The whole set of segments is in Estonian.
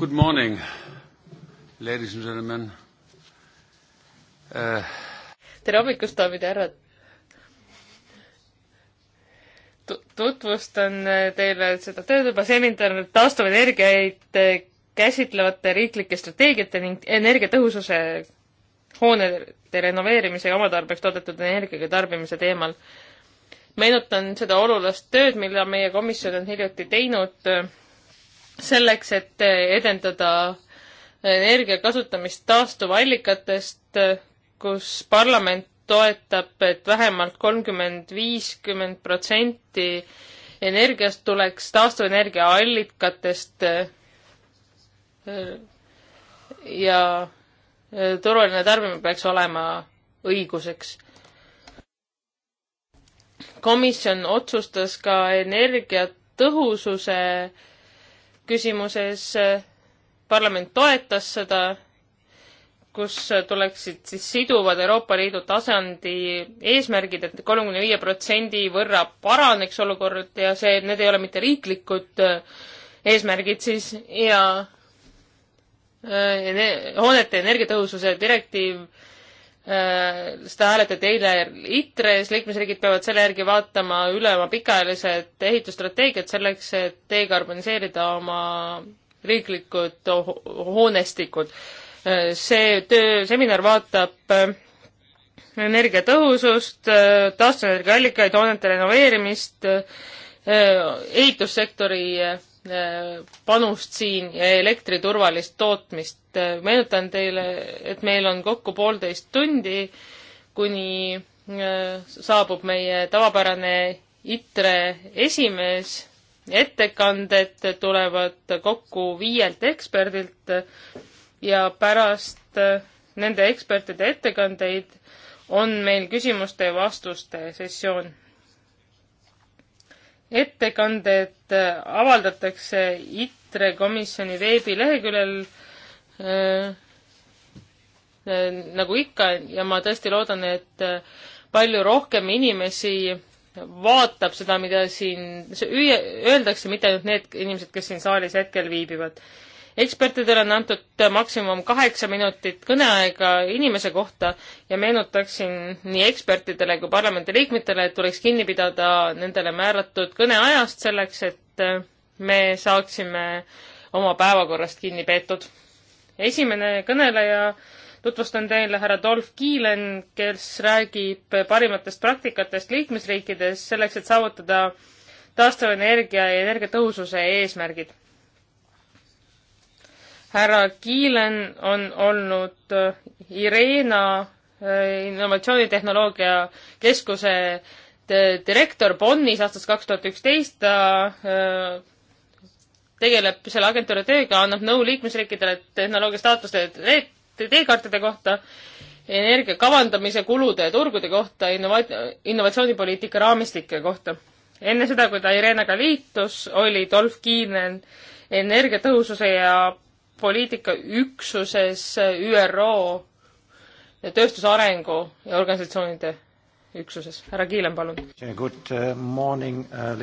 Good morning, ladies and gentlemen uh.... tere hommikust, daamid ja härrad. tutvustan äh, teile seda töötuba seminari taastuvenergiaid äh, käsitlevate riiklike strateegiate ning energiatõhususe hoonete renoveerimise ja omatarbeks toodetud energiaga tarbimise teemal. meenutan seda olulist tööd, mille meie komisjon on hiljuti teinud äh, selleks, et edendada energia kasutamist taastuvallikatest, kus parlament toetab, et vähemalt kolmkümmend, viiskümmend protsenti energiast tuleks taastuvenergia allikatest ja turvaline tarbimine peaks olema õiguseks. komisjon otsustas ka energiatõhususe äh, küsimuses. Eh, parlament toetas seda, kus tuleksid siis siduvad Euroopa Liidu tasandi eesmärgid et, et kolmekümne viie protsendi võrra paraneks olukord ja see, need ei ole mitte riiklikud eh, eesmärgid siis ja eh, hoonete energiatõhususe direktiiv Äh, seda hääletati eile ITRE-s, liikmesriigid peavad selle järgi vaatama üle oma pikaajalised ehitusstrateegiad selleks, et dekarboniseerida oma riiklikud ho hoonestikud. Äh, see töö, seminar vaatab äh, energiatõhusust, taastuvenergiaallikaid, hoonete renoveerimist, ehitussektori panust siin ja elektriturvalist tootmist. meenutan teile, et meil on kokku poolteist tundi, kuni äh, saabub meie tavapärane ITRE esimees, ettekanded tulevad kokku viielt eksperdilt ja pärast äh, nende ekspertide ettekandeid on meil küsimuste ja vastuste sessioon ettekanded avaldatakse ITRE komisjoni veebileheküljel äh, äh, nagu ikka ja ma tõesti loodan, et äh, palju rohkem inimesi vaatab seda, mida siin öeldakse, mitte ainult need inimesed, kes siin saalis hetkel viibivad ekspertidele on antud maksimum kaheksa minutit kõneaega inimese kohta ja meenutaksin nii ekspertidele kui parlamendi liikmetele, et tuleks kinni pidada nendele määratud kõneajast selleks, et eh, me saaksime oma päevakorrast kinni peetud. esimene kõneleja tutvustan teile härra Dolf Kiilen, kes räägib parimatest praktikatest liikmesriikides selleks, et saavutada taastuvenergia ja energiatõhususe eesmärgid härra Kiilen on olnud äh, Irena äh, innovatsioonitehnoloogia keskuse direktor Bonnis aastast kaks tuhat üksteist, ta äh, tegeleb selle agentuuri tööga, annab nõu liikmesriikidele tehnoloogia staatuste teekaartide kohta, energia kavandamise kulude ja turgude kohta, innova-, innovatsioonipoliitika raamistike kohta. enne seda, kui ta Irenaga liitus, oli Dolph Kiinen energiatõhususe ja poliitikaüksuses ÜRO tööstusarengu ja organisatsioonide üksuses. härra Kiilen, palun. Uh, uh,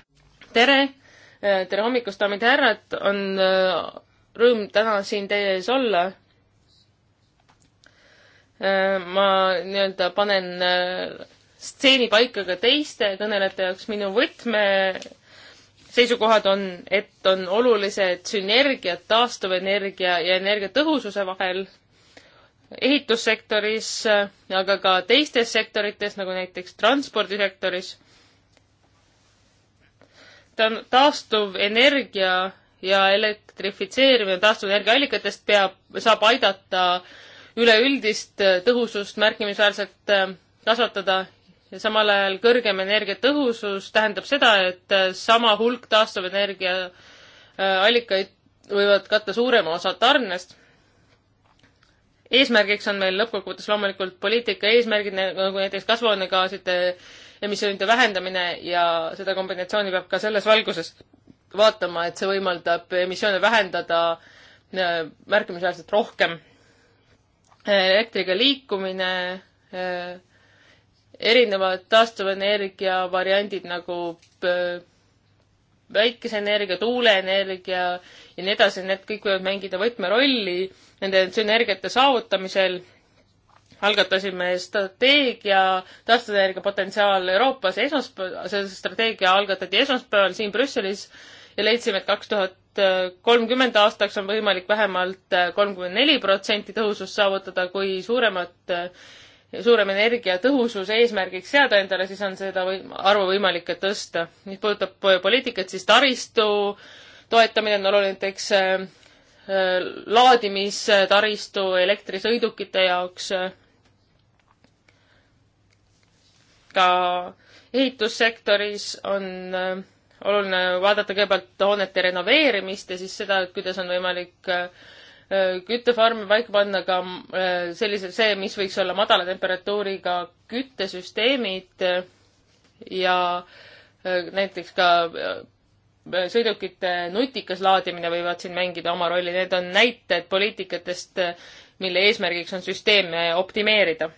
tere, uh, tere hommikust, daamid ja härrad, on rõõm täna siin teie ees olla. ma nii-öelda panen stseeni paika ka teiste kõnelejate jaoks, minu võtme seisukohad on, et on olulised sünergiad taastuvenergia ja energiatõhususe vahel ehitussektoris, aga ka teistes sektorites, nagu näiteks transpordisektoris. ta on taastuvenergia ja elektrifitseerimine taastuvenergiaallikatest peab, saab aidata üleüldist tõhusust märkimisväärselt äh, kasvatada ja samal ajal kõrgem energiatõhusus tähendab seda, et äh, sama hulk taastuvenergia äh, allikaid võivad katta suurema osa tarnest. eesmärgiks on meil lõppkokkuvõttes loomulikult poliitika eesmärgid, nagu näiteks kasvuhoonegaaside emissioonide vähendamine ja seda kombinatsiooni peab ka selles valguses vaatama, et see võimaldab emissioone vähendada äh, märkimisväärselt rohkem. elektriga liikumine erinevad taastuvenergia variandid nagu päikeseenergia, äh, tuuleenergia ja nii edasi, need kõik võivad mängida võtmerolli nende sünergiate saavutamisel. algatasime strateegia taastuvenergia potentsiaal Euroopas esmaspäeval, see strateegia algatati esmaspäeval siin Brüsselis ja leidsime, et kaks tuhat äh, kolmkümmend aastaks on võimalik vähemalt äh, kolmkümmend neli protsenti tõhusust saavutada, kui suuremat suurem energiatõhusus eesmärgiks seada endale, siis on seda või, arvu võimalik tõsta. mis puudutab poliitikat, siis taristu toetamine on oluline näiteks äh, laadimistaristu elektrisõidukite jaoks äh,, ka ehitussektoris on äh, oluline vaadata kõigepealt hoonete renoveerimist ja siis seda, kuidas on võimalik äh, küttefarme paika panna ka äh, sellise, see, mis võiks olla madala temperatuuriga küttesüsteemid äh, ja äh, näiteks ka sõidukite nutikas laadimine võivad siin mängida oma rolli, need on näited poliitikatest, mille eesmärgiks on süsteeme optimeerida.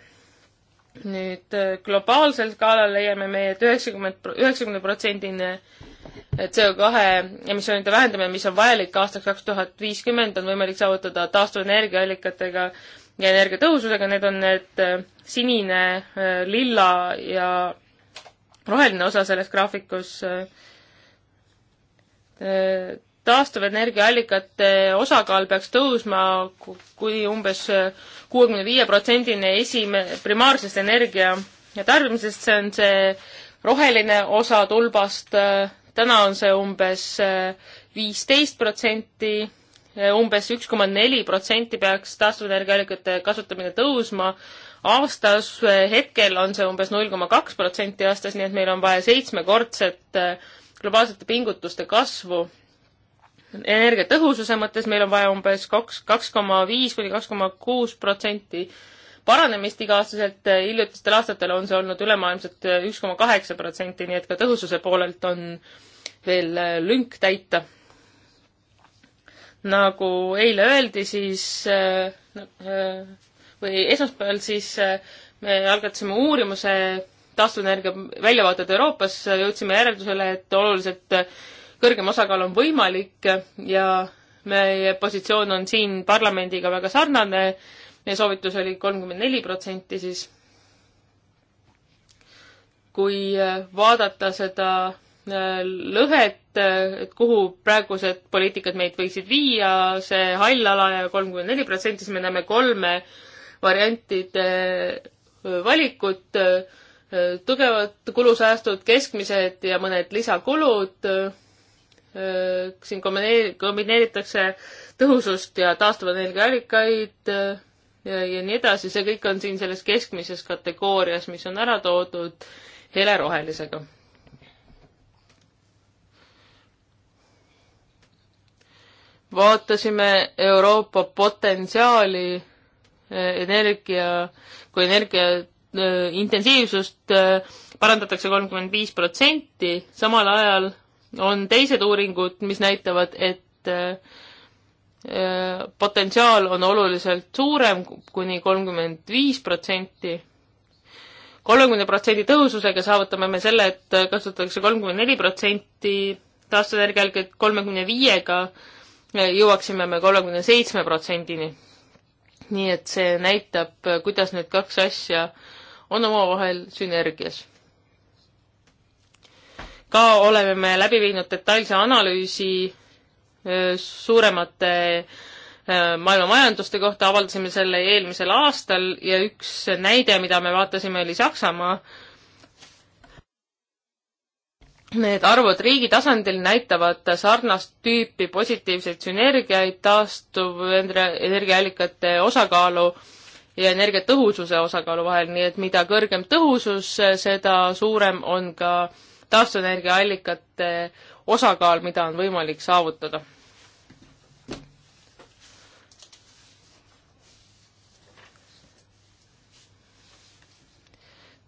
nüüd globaalsel skaalal leiame me, et üheksakümmend, üheksakümne protsendine CO kahe emissioonide vähendamine, mis on vajalik aastaks kaks tuhat viiskümmend, on võimalik saavutada taastuvenergiaallikatega ja energiatõhususega, need on need äh, sinine, äh, lilla ja roheline osa selles graafikus. Äh, taastuvenergiaallikate osakaal peaks tõusma kuni umbes kuuekümne viie protsendini esime-, primaarsest energia tarbimisest, see on see roheline osa tulbast äh, täna on see umbes äh, viisteist protsenti, äh, umbes üks koma neli protsenti peaks taastuvenergiaallikate kasutamine tõusma aastas, äh, hetkel on see umbes null koma kaks protsenti aastas, nii et meil on vaja seitsmekordset globaalsete pingutuste kasvu. energiatõhususe mõttes meil on vaja umbes kaks, kaks koma viis kuni kaks koma kuus protsenti paranemist iga-aastaselt, hiljutistel aastatel on see olnud ülemaailmselt üks koma kaheksa protsenti, nii et ka tõhususe poolelt on äh, veel äh, lünk täita. nagu eile öeldi, siis äh, äh, või esmaspäeval siis me algatasime uurimuse taastuvenergia väljavaated Euroopas, jõudsime järeldusele, et oluliselt kõrgem osakaal on võimalik ja meie positsioon on siin parlamendiga väga sarnane, meie soovitus oli kolmkümmend neli protsenti siis. kui vaadata seda lõhet, et kuhu praegused poliitikad meid võiksid viia, see hall ala ja kolmkümmend neli protsenti, siis me näeme kolme variantide valikut, tugevad kulusäästud, keskmised ja mõned lisakulud, siin kombineeri-, kombineeritakse tõhusust ja taastuvenergiaallikaid ja, ja nii edasi, see kõik on siin selles keskmises kategoorias, mis on ära toodud helerohelisega vaatasime Euroopa potentsiaali eh, energia, kui energia eh, intensiivsust eh, parandatakse kolmkümmend viis protsenti, samal ajal on teised uuringud, mis näitavad, et potentsiaal on oluliselt suurem, kuni kolmkümmend viis protsenti. kolmekümne protsendi tõhususega saavutame me selle, et kasutatakse kolmkümmend neli protsenti taastuvenergia algselt kolmekümne viiega jõuaksime me kolmekümne seitsme protsendini. nii et see näitab, kuidas need kaks asja on omavahel sünergias. ka oleme me läbi viinud detailse analüüsi suuremate maailma majanduste kohta avaldasime selle eelmisel aastal ja üks näide, mida me vaatasime, oli Saksamaa, Need arvud riigi tasandil näitavad sarnast tüüpi positiivseid sünergiaid taastuvenergiaallikate osakaalu ja energiatõhususe osakaalu vahel, nii et mida kõrgem tõhusus, seda suurem on ka taastuvenergiaallikate osakaal, mida on võimalik saavutada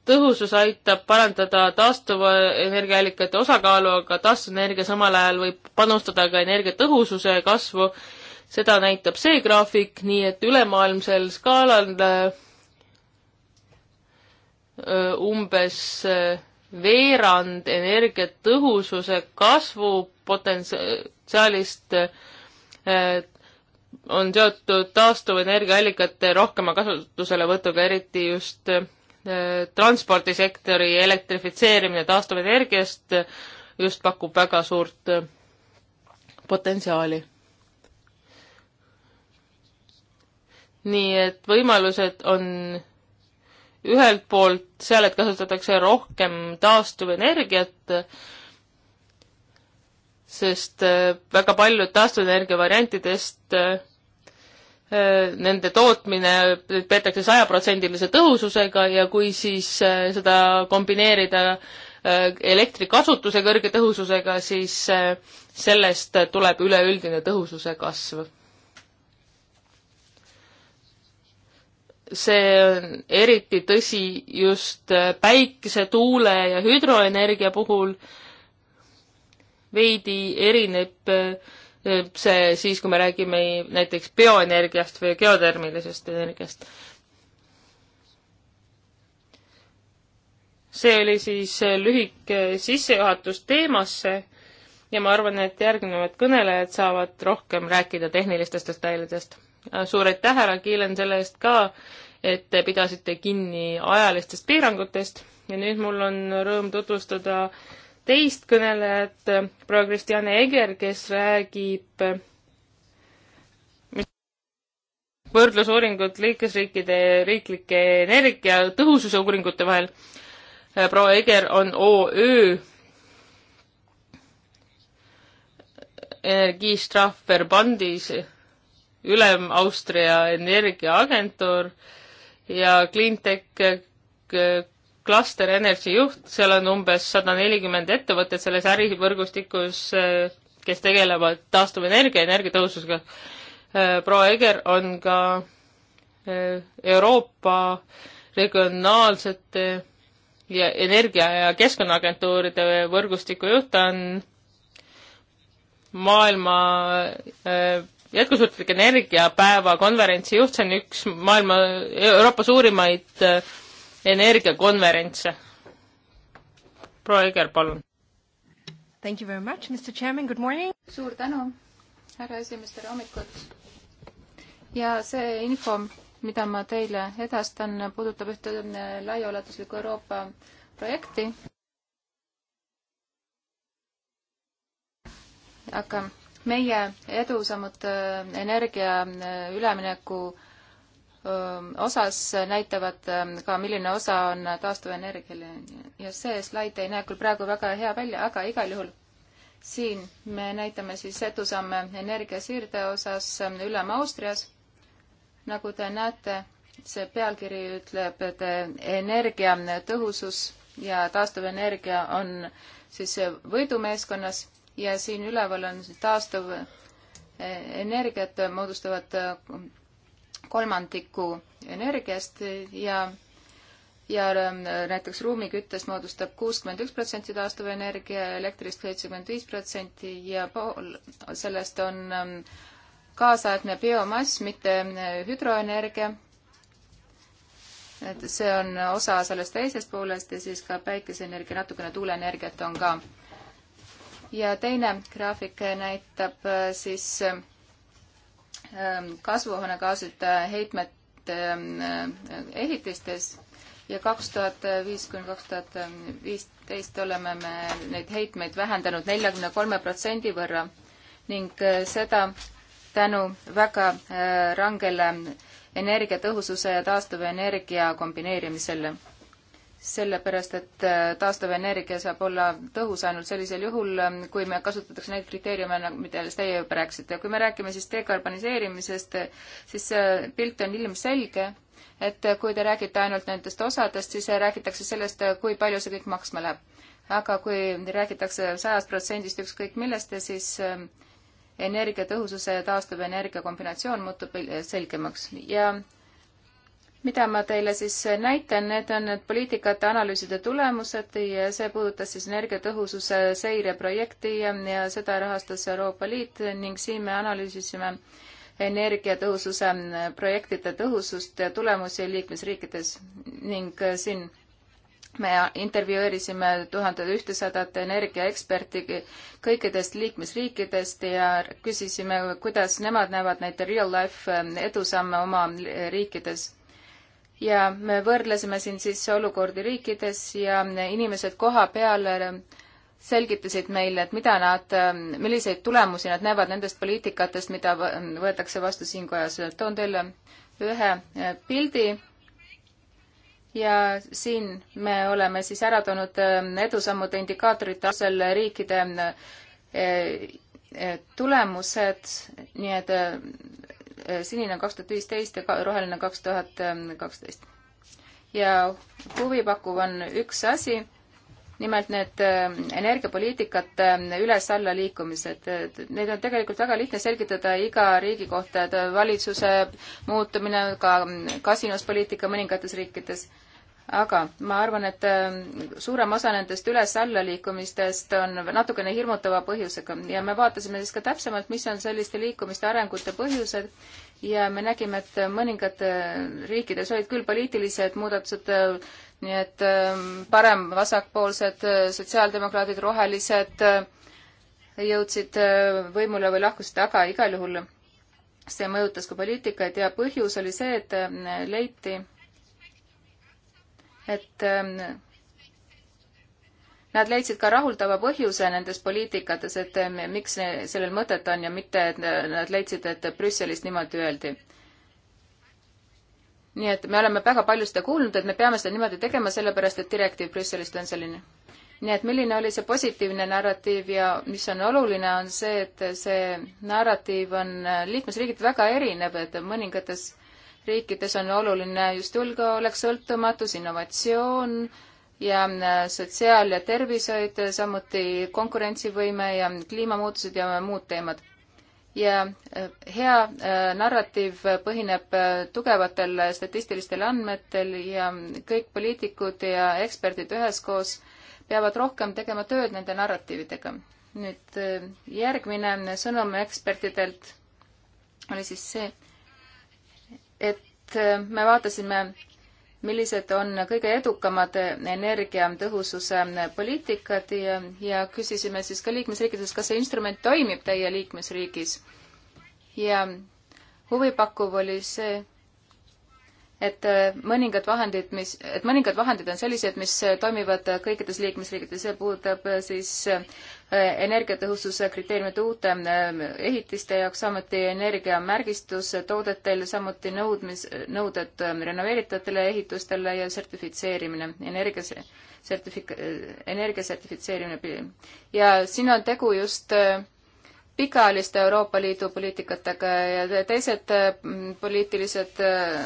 tõhusus aitab parandada taastuva energiaallikate osakaalu, aga taastuvenergia samal ajal võib panustada ka energiatõhususe kasvu. seda näitab see graafik, nii et ülemaailmsel skaalal umbes veerand energiatõhususe kasvu potentsiaalist on seotud taastuvenergiaallikate rohkema kasutuselevõtuga, eriti just Eh, transpordisektori elektrifitseerimine taastuvenergiast eh, just pakub väga suurt eh, potentsiaali. nii et võimalused on ühelt poolt seal, et kasutatakse rohkem taastuvenergiat, sest väga paljud taastuvenergia variantidest Äh, nende tootmine peetakse sajaprotsendilise tõhususega ja kui siis äh, seda kombineerida äh, elektrikasutuse kõrge tõhususega, siis sellest tuleb üleüldine tõhususe kasv. see on eriti tõsi just päikese, tuule ja hüdroenergia puhul. veidi erineb äh, see siis, kui me räägime näiteks bioenergiast või geotermilisest energiast. see oli siis lühike sissejuhatus teemasse ja ma arvan, et järgnevad kõnelejad saavad rohkem rääkida tehnilistest detailidest. suur aitäh, härra Kiilen, selle eest ka, et te pidasite kinni ajalistest piirangutest ja nüüd mul on rõõm tutvustada äh, teist kõnelejat, proua Kristjane Eger, kes räägib võrdlusuuringut liikmesriikide riiklike energiatõhususe uuringute vahel. proua Eger on OÜ Energiestrafverbandis ülem Austria energiaagentuur ja Cleantech Cluster Energy juht, seal on umbes sada nelikümmend ettevõtet selles ärivõrgustikus, eh, kes tegelevad taastuvenergia, energiatõhususega. Eh, proua Eger on ka eh, Euroopa regionaalsete ja energia- ja keskkonnaagentuuride võrgustiku juht, ta on maailma jätkusuutlik energiapäeva konverentsi juht, see on üks maailma, Euroopa suurimaid energiakonverentse. proua Jõger, palun. Thank you very much, Mr Chairman, good morning. suur tänu, härra esimees, tere hommikut. ja see info, mida ma teile edastan, puudutab ühte äh, laiaulatuslikku Euroopa projekti. aga meie edusammud äh, energia äh, ülemineku äh, Ähm, osas näitavad ähm, ka, milline osa on taastuvenergial ja see slaid ei näe küll praegu väga hea välja, aga igal juhul siin me näitame siis edusamme energiasiirde osas ähm, ülem Austrias. nagu te näete, see pealkiri ütleb, et äh, energiatõhusus ja taastuvenergia on siis äh, võidumeeskonnas ja siin üleval on taastuv äh, energiat moodustavad kolmandiku energiast ja ja ähm, näiteks ruumiküttest moodustab kuuskümmend üks protsenti taastuvenergia, elektrist seitsekümmend viis protsenti ja pool sellest on ähm, kaasaegne biomass, mitte äh, hüdroenergia. et see on osa sellest teisest poolest ja siis ka päikeseenergia, natukene tuuleenergiat on ka. ja teine graafik näitab äh, siis äh, Ähm, kasvuhoonegaaside heitmete ähm, äh, ehitistes ja kaks tuhat viis kuni kaks tuhat ähm, viisteist oleme me neid heitmeid vähendanud neljakümne kolme protsendi võrra ning äh, seda tänu väga äh, rangele energiatõhususe ja taastuvenergia kombineerimisele sellepärast, et äh, taastuvenergia saab olla tõhus ainult sellisel juhul, ähm, kui me kasutatakse neid kriteeriume, nagu, millest teie juba rääkisite. kui me räägime siis dekarboniseerimisest, siis see pilt on ilmselge, et äh, kui te räägite ainult nendest osadest, siis äh, räägitakse sellest, kui palju see kõik maksma läheb. aga kui räägitakse sajast protsendist ükskõik millest, siis ähm, energiatõhususe ja taastuvenergia kombinatsioon muutub selgemaks ja mida ma teile siis näitan, need on need poliitikate analüüside tulemused ja see puudutas siis energiatõhususe seireprojekti ja, ja seda rahastas Euroopa Liit ning siin me analüüsisime energiatõhususe projektide tõhusust ja tulemusi liikmesriikides ning äh, siin me intervjueerisime tuhande ühtesadat energiaeksperti kõikidest liikmesriikidest ja küsisime, kuidas nemad näevad neid real life äh, edusamme oma riikides ja me võrdlesime siin siis olukordi riikides ja inimesed koha peal selgitasid meile, et mida nad, milliseid tulemusi nad näevad nendest poliitikatest, mida võetakse vastu siin kojas. toon teile ühe äh, pildi ja siin me oleme siis ära toonud äh, edusammude indikaatorite alusel riikide äh, tulemused, nii et Äh, sinine on kaks tuhat viisteist ja roheline kaks tuhat kaksteist. ja huvipakkuv on üks asi, nimelt need äh, energiapoliitikate äh, üles-alla liikumised. Neid on tegelikult väga lihtne selgitada iga riigi kohta, et valitsuse muutumine, ka mm, kasinuspoliitika mõningates riikides aga ma arvan, et ähm, suurem osa nendest üles-alla liikumistest on natukene hirmutava põhjusega ja me vaatasime siis ka täpsemalt, mis on selliste liikumiste arengute põhjused ja me nägime, et mõningad äh, riikides olid küll poliitilised muudatused, äh, nii et ähm, parem-vasakpoolsed äh, sotsiaaldemokraadid, rohelised jõudsid võimule või lahkusid, aga igal juhul see mõjutas ka poliitikaid ja põhjus oli see, et leiti, et ähm, nad leidsid ka rahuldava põhjuse nendes poliitikates, et ähm, miks sellel mõtet on ja mitte, et nad leidsid, et Brüsselist niimoodi öeldi. nii et me oleme väga palju seda kuulnud, et me peame seda niimoodi tegema, sellepärast et direktiiv Brüsselist on selline. nii et milline oli see positiivne narratiiv ja mis on oluline, on see, et see narratiiv on äh, liikmesriigiti väga erinev, et mõningates riikides on oluline just julgeolek, sõltumatus, innovatsioon ja äh, sotsiaal- ja tervishoid, samuti konkurentsivõime ja kliimamuutused ja muud teemad. ja äh, hea äh, narratiiv põhineb tugevatel statistilistel andmetel ja kõik poliitikud ja eksperdid üheskoos peavad rohkem tegema tööd nende narratiividega. nüüd järgmine sõnum ekspertidelt oli siis see et äh, me vaatasime, millised on kõige edukamad energiatõhususe poliitikad ja, ja küsisime siis ka liikmesriikides, kas see instrument toimib teie liikmesriigis. ja huvipakkuv oli see, et äh, mõningad vahendid, mis, et mõningad vahendid on sellised, mis äh, toimivad kõikides liikmesriikides ja puudutab siis energiatõhususe kriteeriumid uute ähm, ehitiste jaoks, samuti energiamärgistus toodetel, samuti nõudmis, nõuded ähm, renoveeritavatele ehitustele ja sertifitseerimine, energias-, sertifika-, äh, energia sertifitseerimine. ja siin on tegu just äh, pikaajaliste Euroopa Liidu poliitikatega ja teised äh, poliitilised, äh,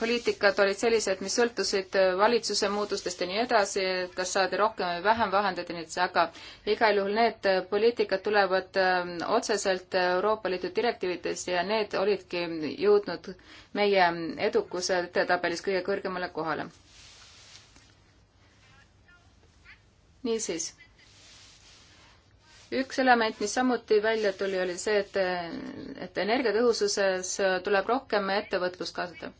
poliitikad olid sellised, mis sõltusid äh, valitsuse muutustest ja nii edasi, et kas saadi rohkem või vähem vahendeid ja nii edasi, aga igal juhul need poliitikad tulevad ähm, otseselt Euroopa Liidu direktiividest ja need olidki jõudnud meie edukuse edetabelis kõige kõrgemale kohale. niisiis üks element, mis samuti välja tuli, oli see, et, et energiatõhususes tuleb rohkem ettevõtlust kaasata.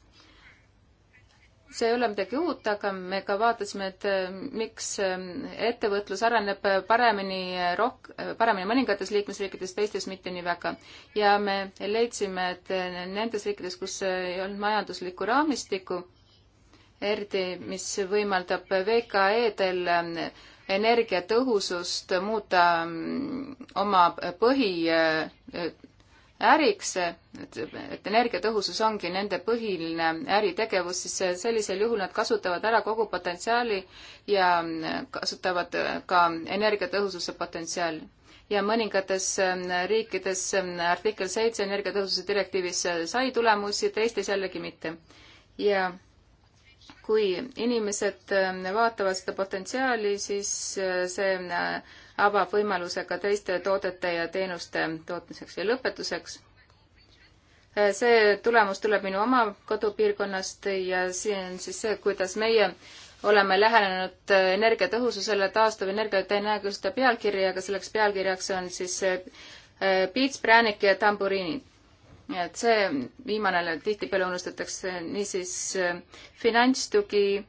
see ei ole midagi uut, aga me ka vaatasime, et eh, miks eh, ettevõtlus areneb paremini rohk-, paremini mõningates liikmesriikides, teistes mitte nii väga. ja me leidsime, et eh, nendes riikides, kus ei olnud majanduslikku raamistikku, eriti mis võimaldab VKE-del energiatõhusust muuta mm, oma põhiäriks, et, et energiatõhusus ongi nende põhiline äritegevus, siis sellisel juhul nad kasutavad ära kogu potentsiaali ja kasutavad ka energiatõhususe potentsiaali ja mõningates mm, riikides mm, artikkel seitse energiatõhususe direktiivis sai tulemusi, teistes jällegi mitte. ja kui inimesed ähm, vaatavad seda potentsiaali, siis äh, see äh, avab võimaluse ka teiste toodete ja teenuste tootmiseks ja lõpetuseks. Äh, see tulemus tuleb minu oma kodupiirkonnast ja see on siis see, kuidas meie oleme lähenenud energiatõhususele taastuvenergia, te ei näe küll seda pealkirja, aga selleks pealkirjaks on siis piits, präänik ja tamburiinid nii et see viimane tihtipeale unustatakse, niisiis eh, finantstugi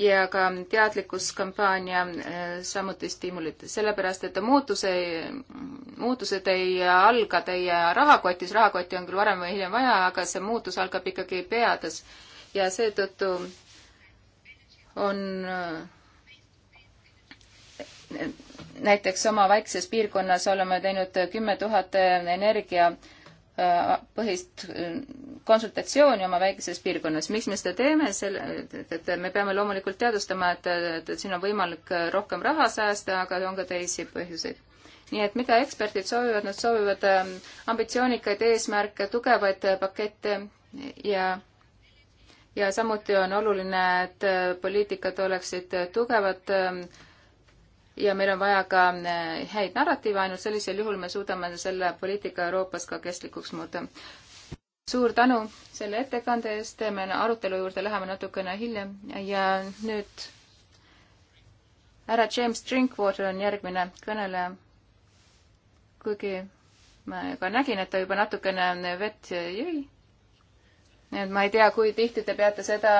ja ka teadlikkuskampaania eh, samuti stiimulid, sellepärast et muutuse, muutused ei alga teie rahakotis, rahakotti on küll varem või hiljem vaja, aga see muutus algab ikkagi peades ja seetõttu on eh, näiteks oma väikses piirkonnas oleme teinud kümme tuhat energia põhist äh, konsultatsiooni oma väikeses piirkonnas. miks me seda teeme, selle, et, et me peame loomulikult teadvustama, et, et, et siin on võimalik rohkem raha säästa, aga on ka teisi põhjuseid. nii et mida eksperdid soovivad, nad soovivad ähm, ambitsioonikaid eesmärke, tugevaid pakette ja ja samuti on oluline, et äh, poliitikad oleksid tugevad äh, ja meil on vaja ka eh, häid narratiive, ainult sellisel juhul me suudame selle poliitika Euroopas ka kestlikuks muuta. suur tänu selle ettekande eest, me arutelu juurde läheme natukene hiljem ja nüüd härra James Drinkwater on järgmine kõneleja. kuigi ma ka nägin, et ta juba natukene vett jõi. nii et ma ei tea, kui tihti te peate seda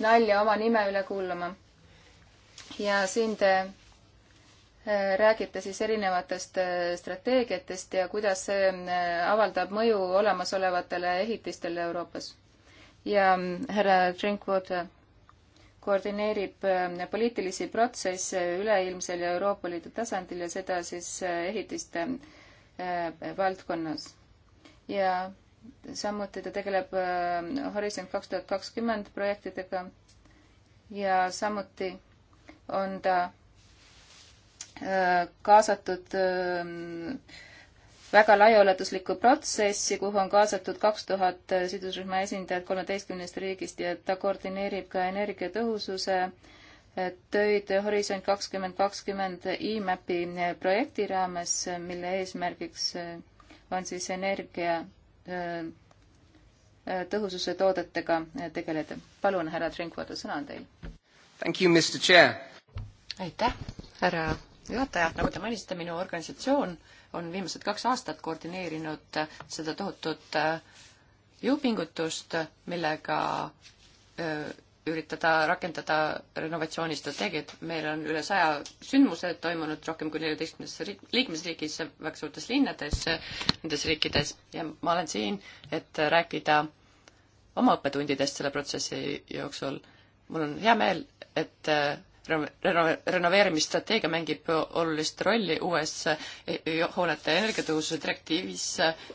nalja oma nime üle kuulama. ja siin te räägite siis erinevatest äh, strateegiatest ja kuidas see äh, avaldab mõju olemasolevatele ehitistele Euroopas. ja mm, härra Drinkwater koordineerib äh, poliitilisi protsesse üleilmsel ja Euroopa Liidu tasandil ja seda siis ehitiste valdkonnas. ja samuti ta tegeleb Horisont kaks tuhat kakskümmend projektidega ja samuti on ta kaasatud ähm, väga laiaulatuslikku protsessi, kuhu on kaasatud kaks tuhat äh, sidusrühma esindajat kolmeteistkümnest riigist ja ta koordineerib ka energiatõhususe äh, töid Horisont kakskümmend kakskümmend IMAP-i äh, projekti raames, mille eesmärgiks on siis energia tõhususe toodetega tegeleda. palun, härra Drinkwater, sõna on teil. aitäh härra juhataja, nagu te mainisite, minu organisatsioon on viimased kaks aastat koordineerinud seda tohutut äh, jõupingutust, millega äh, üritada rakendada renovatsioonistrateegiat. meil on üle saja sündmuse toimunud rohkem kui neljateistkümnes liikmesriigis, väga suurtes linnades, nendes riikides ja ma olen siin, et rääkida oma õppetundidest selle protsessi jooksul. mul on hea meel, et äh, renoveerimisstrateegia mängib olulist rolli uues hoonete energiatõhususe direktiivis.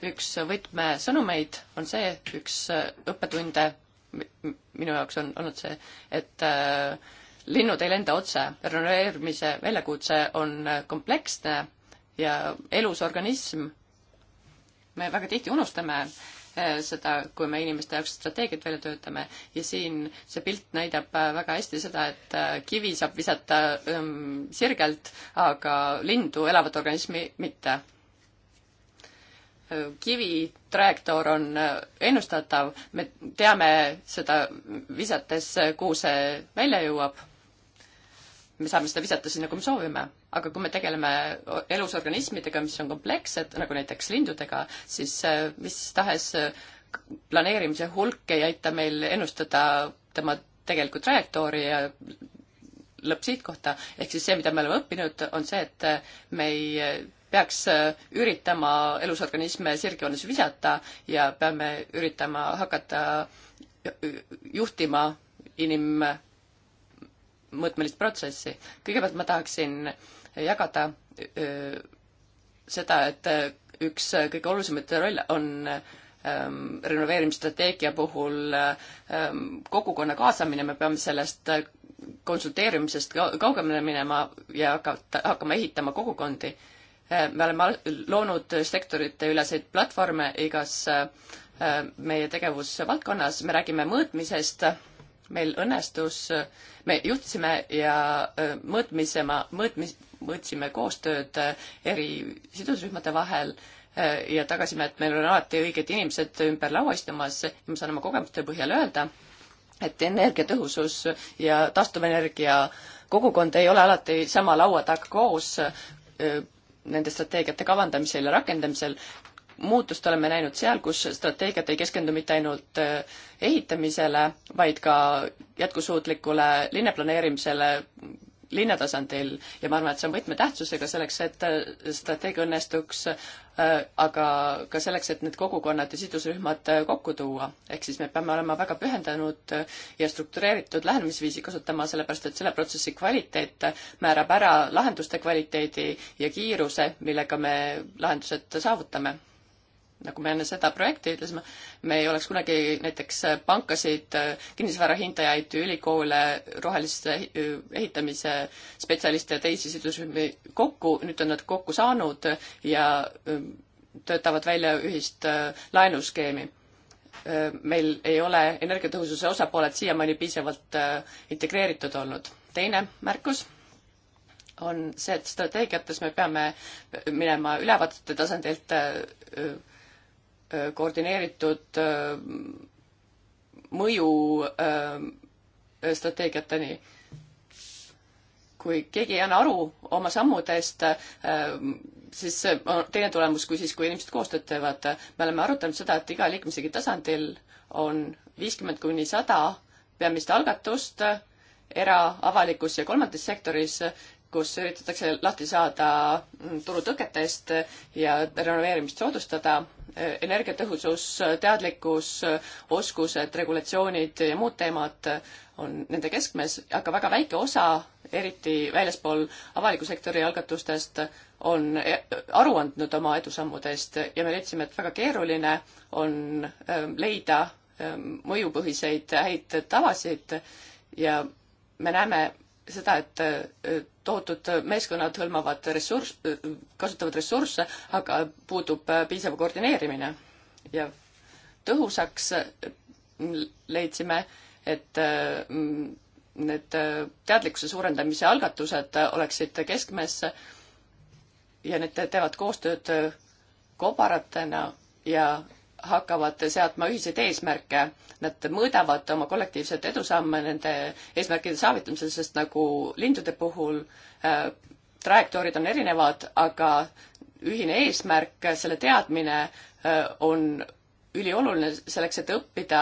üks võtmesõnumeid on see, üks õppetunde minu jaoks on olnud see, et äh, linnud ei lenda otse, renoveerimise väljakutse on kompleksne ja elus organism, me väga tihti unustame Äh, seda, kui me inimeste jaoks strateegiat välja töötame ja siin see pilt näidab äh, väga hästi seda, et äh, kivi saab visata ähm, sirgelt, aga lindu, elavat organismi mitte. kivi trajektoor on ennustatav, me teame seda visates, kuhu see välja jõuab me saame seda visata sinna, kuhu me soovime. aga kui me tegeleme elusorganismidega, mis on komplekssed, nagu näiteks lindudega, siis äh, mis tahes äh, planeerimise hulk ei aita meil ennustada tema tegelikku trajektoori ja lõppsihtkohta. ehk siis see, mida me oleme õppinud, on see, et äh, me ei peaks üritama elusorganisme sirgjoones visata ja peame üritama hakata juhtima inim- mõõtmelist protsessi. kõigepealt ma tahaksin jagada öö, seda, et äh, üks äh, kõige olulisemaid rolle on ähm, renoveerimisstrateegia puhul ähm, kogukonna kaasamine, me peame sellest äh, konsulteerimisest kaugemale minema ja hakata, hakkama ehitama kogukondi me oleme loonud sektoriteüleseid platvorme igas meie tegevusvaldkonnas, me räägime mõõtmisest, meil õnnestus, me juhtisime ja mõõtmisema, mõõtmis, mõõtsime koostööd eri sidusrühmade vahel ja tagasime, et meil on alati õiged inimesed ümber laua istumas ja ma saan oma kogemuste põhjal öelda, et energiatõhusus ja taastuvenergia kogukond ei ole alati sama laua taga koos nende strateegiate kavandamisel ja rakendamisel, muutust oleme näinud seal, kus strateegiad ei keskendu mitte ainult äh, ehitamisele, vaid ka jätkusuutlikule linnaplaneerimisele linnatasandil ja ma arvan, et see on võtmetähtsusega selleks, et äh, strateegia õnnestuks, äh, aga ka selleks, et need kogukonnad ja sidusrühmad kokku tuua. ehk siis me peame olema väga pühendunud ja struktureeritud lähenemisviisi kasutama, sellepärast et selle protsessi kvaliteet määrab ära lahenduste kvaliteedi ja kiiruse, millega me lahendused saavutame nagu me enne seda projekti ütlesime, me ei oleks kunagi näiteks pankasid, äh, kinnisvarahindajaid, ülikoole, rohelise eh, ehitamise spetsialiste ja teisi sidusrühmi kokku, nüüd on nad kokku saanud ja ähm, töötavad välja ühist äh, laenuskeemi. Äh, meil ei ole energiatõhususe osapooled siiamaani piisavalt integreeritud olnud. teine märkus on see, et strateegiates me peame minema ülevaadete tasandilt Äh, koordineeritud äh, mõju äh, strateegiateni. kui keegi ei anna aru oma sammudest, siis on teine tulemus, kui siis, kui inimesed koostööd teevad. me oleme arutanud seda, et iga liikmesriigi tasandil on viiskümmend kuni sada peamist algatust era-, avalikus ja kolmandas sektoris, kus üritatakse lahti saada mm, turutõketest ja renoveerimist soodustada energiatõhusus, teadlikkus, oskused, regulatsioonid ja muud teemad on nende keskmes, aga väga väike osa, eriti väljaspool avaliku sektori algatustest, on e-, aru andnud oma edusammudest ja me leidsime, et väga keeruline on ähm, leida ähm, mõjupõhiseid häid tavasid ja me näeme seda, et äh, tohutud meeskonnad hõlmavad ressurss, kasutavad ressursse, aga puudub äh, piisav koordineerimine. ja tõhusaks äh, leidsime, et need teadlikkuse suurendamise algatused oleksid keskmes ja need teevad koostööd kobaratena ja hakkavad seadma ühiseid eesmärke, nad mõõdavad oma kollektiivset edusamme nende eesmärkide saavutamisel, sest nagu lindude puhul äh, trajektoorid on erinevad, aga ühine eesmärk, selle teadmine äh, on ülioluline selleks, et õppida,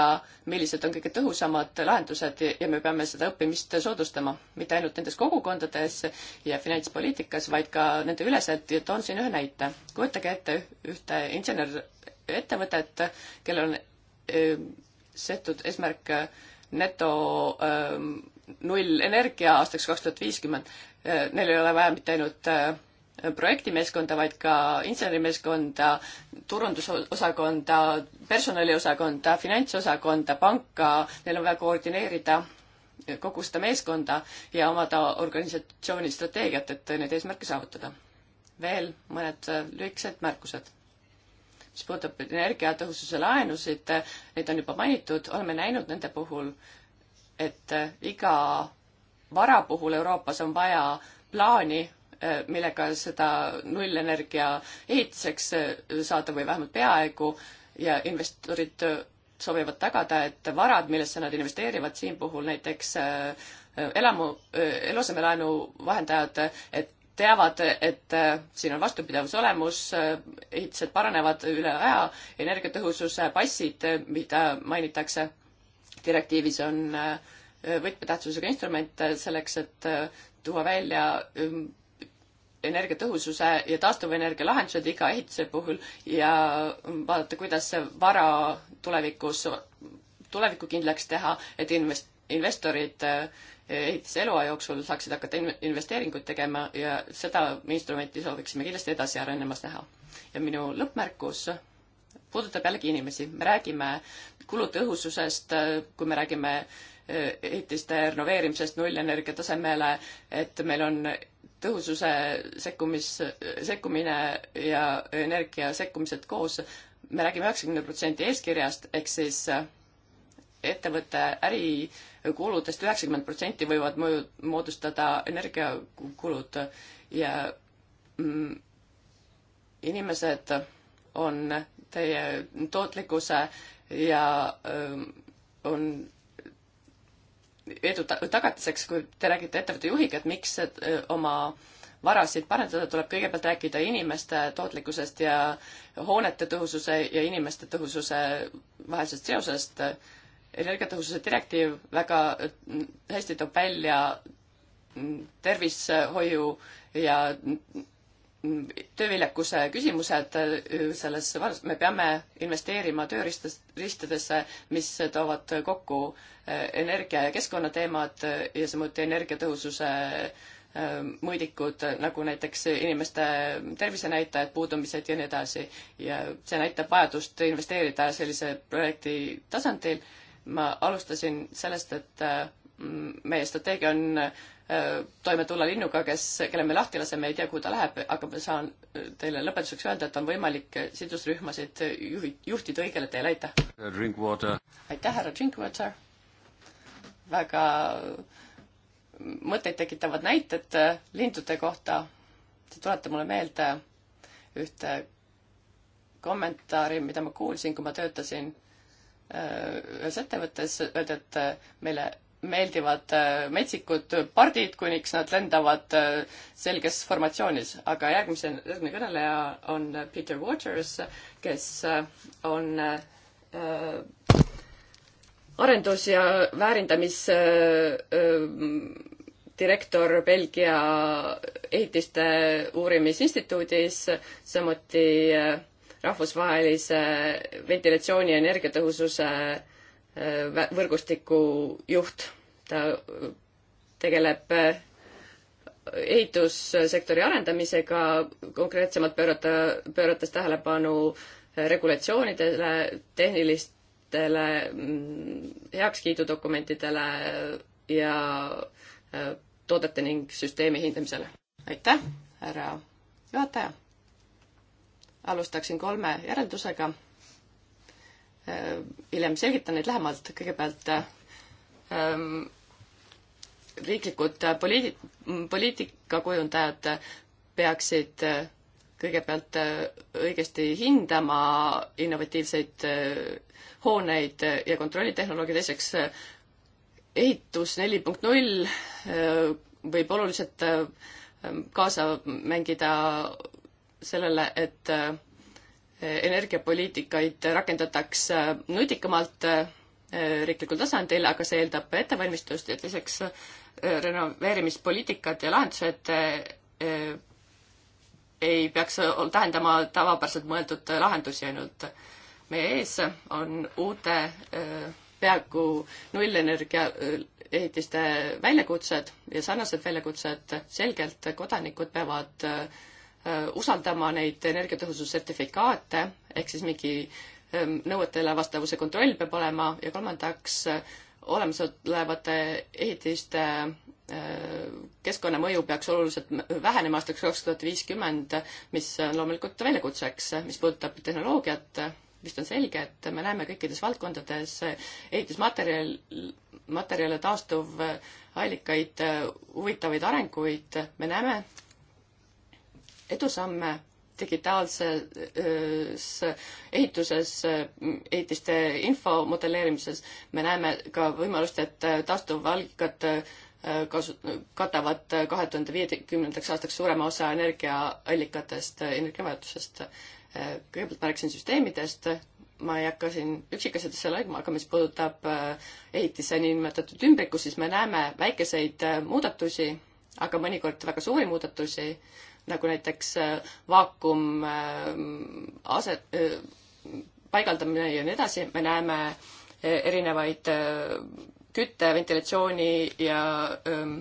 millised on kõige tõhusamad lahendused ja me peame seda õppimist soodustama. mitte ainult nendes kogukondades ja finantspoliitikas, vaid ka nende üleselt ja toon siin ühe näite. kujutage ette ühte insener ettevõtet, kellel on seatud eesmärk äh, neto ähm, null energia aastaks kaks tuhat viiskümmend. Äh, neil ei ole vaja mitte ainult äh, projektimeeskonda, vaid ka insenerimeeskonda, turundusosakonda, personaliosakonda, finantsosakonda, panka, neil on vaja koordineerida kogu seda meeskonda ja omada organisatsiooni strateegiat, et neid eesmärke saavutada. veel mõned lühikesed märkused mis puudutab energiatõhususe laenusid, neid on juba mainitud, oleme näinud nende puhul, et äh, iga vara puhul Euroopas on vaja plaani, äh, millega seda nullenergia ehituseks äh, saada või vähemalt peaaegu ja investorid soovivad tagada, et varad, millesse nad investeerivad, siin puhul näiteks elamu, eluasemelaenu vahendajad, et teavad, et äh, siin on vastupidavus olemus, ehitised äh, paranevad üle aja, energiatõhususe passid, äh, mida mainitakse direktiivis, on võtmetähtsusega instrument selleks, et tuua välja energiatõhususe ja taastuvenergia lahendused iga ehituse puhul ja vaadata, kuidas see vara tulevikus, tulevikku kindlaks teha, et invest-, investorid eh, ehitise eluaja jooksul saaksid hakata investeeringuid tegema ja seda instrumenti sooviksime kindlasti edasi arenemas näha. ja minu lõppmärkus puudutab jällegi inimesi. me räägime kulude õhususest, kui me räägime eh, ehitiste renoveerimisest nullenergia tasemele, et meil on tõhususe sekkumis, sekkumine ja energia sekkumised koos, me räägime üheksakümne protsendi eeskirjast, ehk siis eh, ettevõtte äri kuludest üheksakümmend protsenti võivad mõju, moodustada energiakulud ja mm, inimesed on teie tootlikkuse ja öö, ähm, on edu ta-, tagatiseks, kui te räägite ettevõtte juhiga, et miks öö, oma varasid parandada, tuleb kõigepealt rääkida inimeste tootlikkusest ja hoonete tõhususe ja inimeste tõhususe vahelisest seosest öö, energiatõhususe direktiiv väga äh, hästi toob välja mm, tervishoiu ja mm, tööviljakuse küsimused äh, selles, me peame investeerima tööriistadesse, mis toovad kokku äh, energia- ja keskkonnateemad ja samuti energiatõhususe mõõdikud, nagu näiteks inimeste tervisenäitajad, puudumised ja nii edasi. ja see näitab vajadust investeerida sellise projekti tasandil ma alustasin sellest, et äh, meie strateegia on äh, toime tulla linnuga, kes, kelle me lahti laseme, ei tea, kuhu ta läheb, aga ma saan äh, teile lõpetuseks öelda, et on võimalik sidusrühmasid juhi, juhtida õigele teele, aitäh! aitäh, härra Drinkwater! väga mõtteid tekitavad näited lindude kohta. Te tulete mulle meelde ühte kommentaari, mida ma kuulsin, kui ma töötasin Äh, ühes ettevõttes, öeldi, et äh, meile meeldivad äh, metsikud pardid, kuniks nad lendavad selges formatsioonis, aga järgmise, järgmine kõneleja on Peter Waters, kes on äh, arendus- ja väärindamisdirektor äh, äh, Belgia ehitiste uurimisinstituudis, samuti äh, rahvusvahelise ventilatsiooni ja energiatõhususe äh, võrgustiku juht. ta tegeleb äh, ehitussektori arendamisega, konkreetsemalt pöörata, pöörates tähelepanu äh, regulatsioonidele, tehnilistele mm, heakskiidudokumentidele ja toodete ning süsteemi hindamisele. aitäh, härra juhataja! alustaksin kolme järeldusega. Äh, hiljem selgitan neid lähemalt, kõigepealt äh, ähm, riiklikud äh, poliit-, poliitikakujundajad peaksid kõigepealt õigesti hindama innovatiivseid hooneid ja kontrollitehnoloogia, teiseks ehitus neli punkt null võib oluliselt kaasa mängida sellele, et äh, energiapoliitikaid rakendataks äh, nutikamalt äh, riiklikul tasandil, aga see eeldab ettevalmistust ja teiseks renoveerimispoliitikad ja lahendused ei peaks tähendama tavapäraselt mõeldud lahendusi ainult. meie ees on uute peaaegu nullenergia ehitiste väljakutsed ja sarnased väljakutsed, selgelt kodanikud peavad Äh, usaldama neid energiatõhusussertifikaate, ehk siis mingi ähm, nõuetele vastavuse kontroll peab olema ja kolmandaks äh, olemasolevate ehitiste äh, keskkonnamõju peaks oluliselt vähenema aastaks kaks tuhat viiskümmend, mis on loomulikult väljakutseks, mis puudutab tehnoloogiat, vist on selge, et me näeme kõikides valdkondades ehitusmaterjal, materjale taastuv allikaid, huvitavaid arenguid, me näeme, edusamme digitaalses ehituses, ehitiste info modelleerimises, me näeme ka võimalust, et taastuvallikad kasu-, katavad kahe tuhande viiekümnendaks aastaks suurema osa energiaallikatest, energiavajadusest. kõigepealt ma rääkisin süsteemidest, ma ei hakka siin üksikasjadesse laigma, aga mis puudutab ehitise niinimetatud ümbrikku, siis me näeme väikeseid muudatusi, aga mõnikord väga suuri muudatusi nagu näiteks äh, vaakum ähm, aset, äh, paigaldamine ja nii edasi, me näeme äh, erinevaid kütte, ventilatsiooni ja ähm,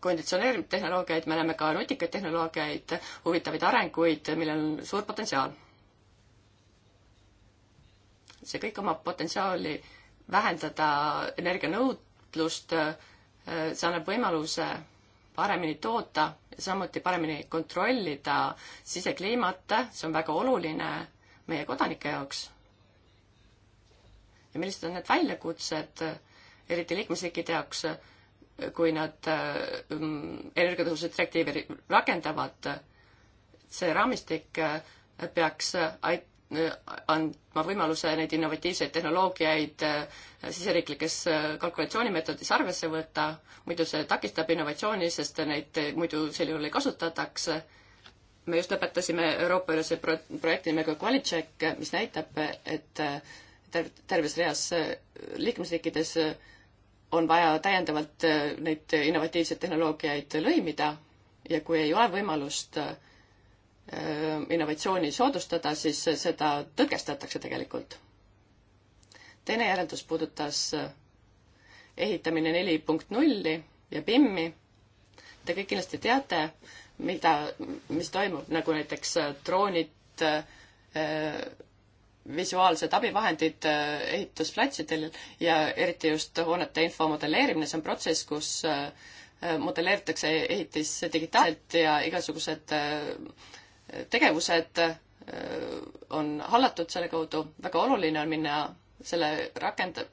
konditsioneerimistehnoloogiaid, me näeme ka nutikaid tehnoloogiaid, huvitavaid arenguid, millel on suur potentsiaal. see kõik omab potentsiaali vähendada energianõudlust, see annab võimaluse paremini toota ja samuti paremini kontrollida sisekliimat, see on väga oluline meie kodanike jaoks. ja millised on need väljakutsed, eriti liikmesriikide jaoks, kui nad ähm, energiatõhususe direktiivi rakendavad, see raamistik peaks ait-, andma võimaluse neid innovatiivseid tehnoloogiaid äh, siseriiklikes äh, kalkulatsioonimeetodis arvesse võtta, muidu see takistab innovatsiooni, sest neid muidu sel juhul ei kasutataks. me just lõpetasime Euroopa-ülese pro-, projekti nimega QualiCheck, mis näitab, et äh, terv-, terves reas liikmesriikides on vaja täiendavalt neid innovatiivseid tehnoloogiaid lõimida ja kui ei ole võimalust äh, Äh, innovatsiooni soodustada, siis seda tõkestatakse tegelikult. teine järeldus puudutas äh, ehitamine neli punkt nulli ja PIM-i. Te kõik kindlasti teate, mida, mis toimub, nagu näiteks äh, droonid, visuaalsed abivahendid ehitusplatsidel ja eriti just hoonete info modelleerimine, see on protsess, kus modelleeritakse ehitis digitaalselt ja igasugused äh, tegevused äh, on hallatud selle kaudu, väga oluline on minna selle rakenda-,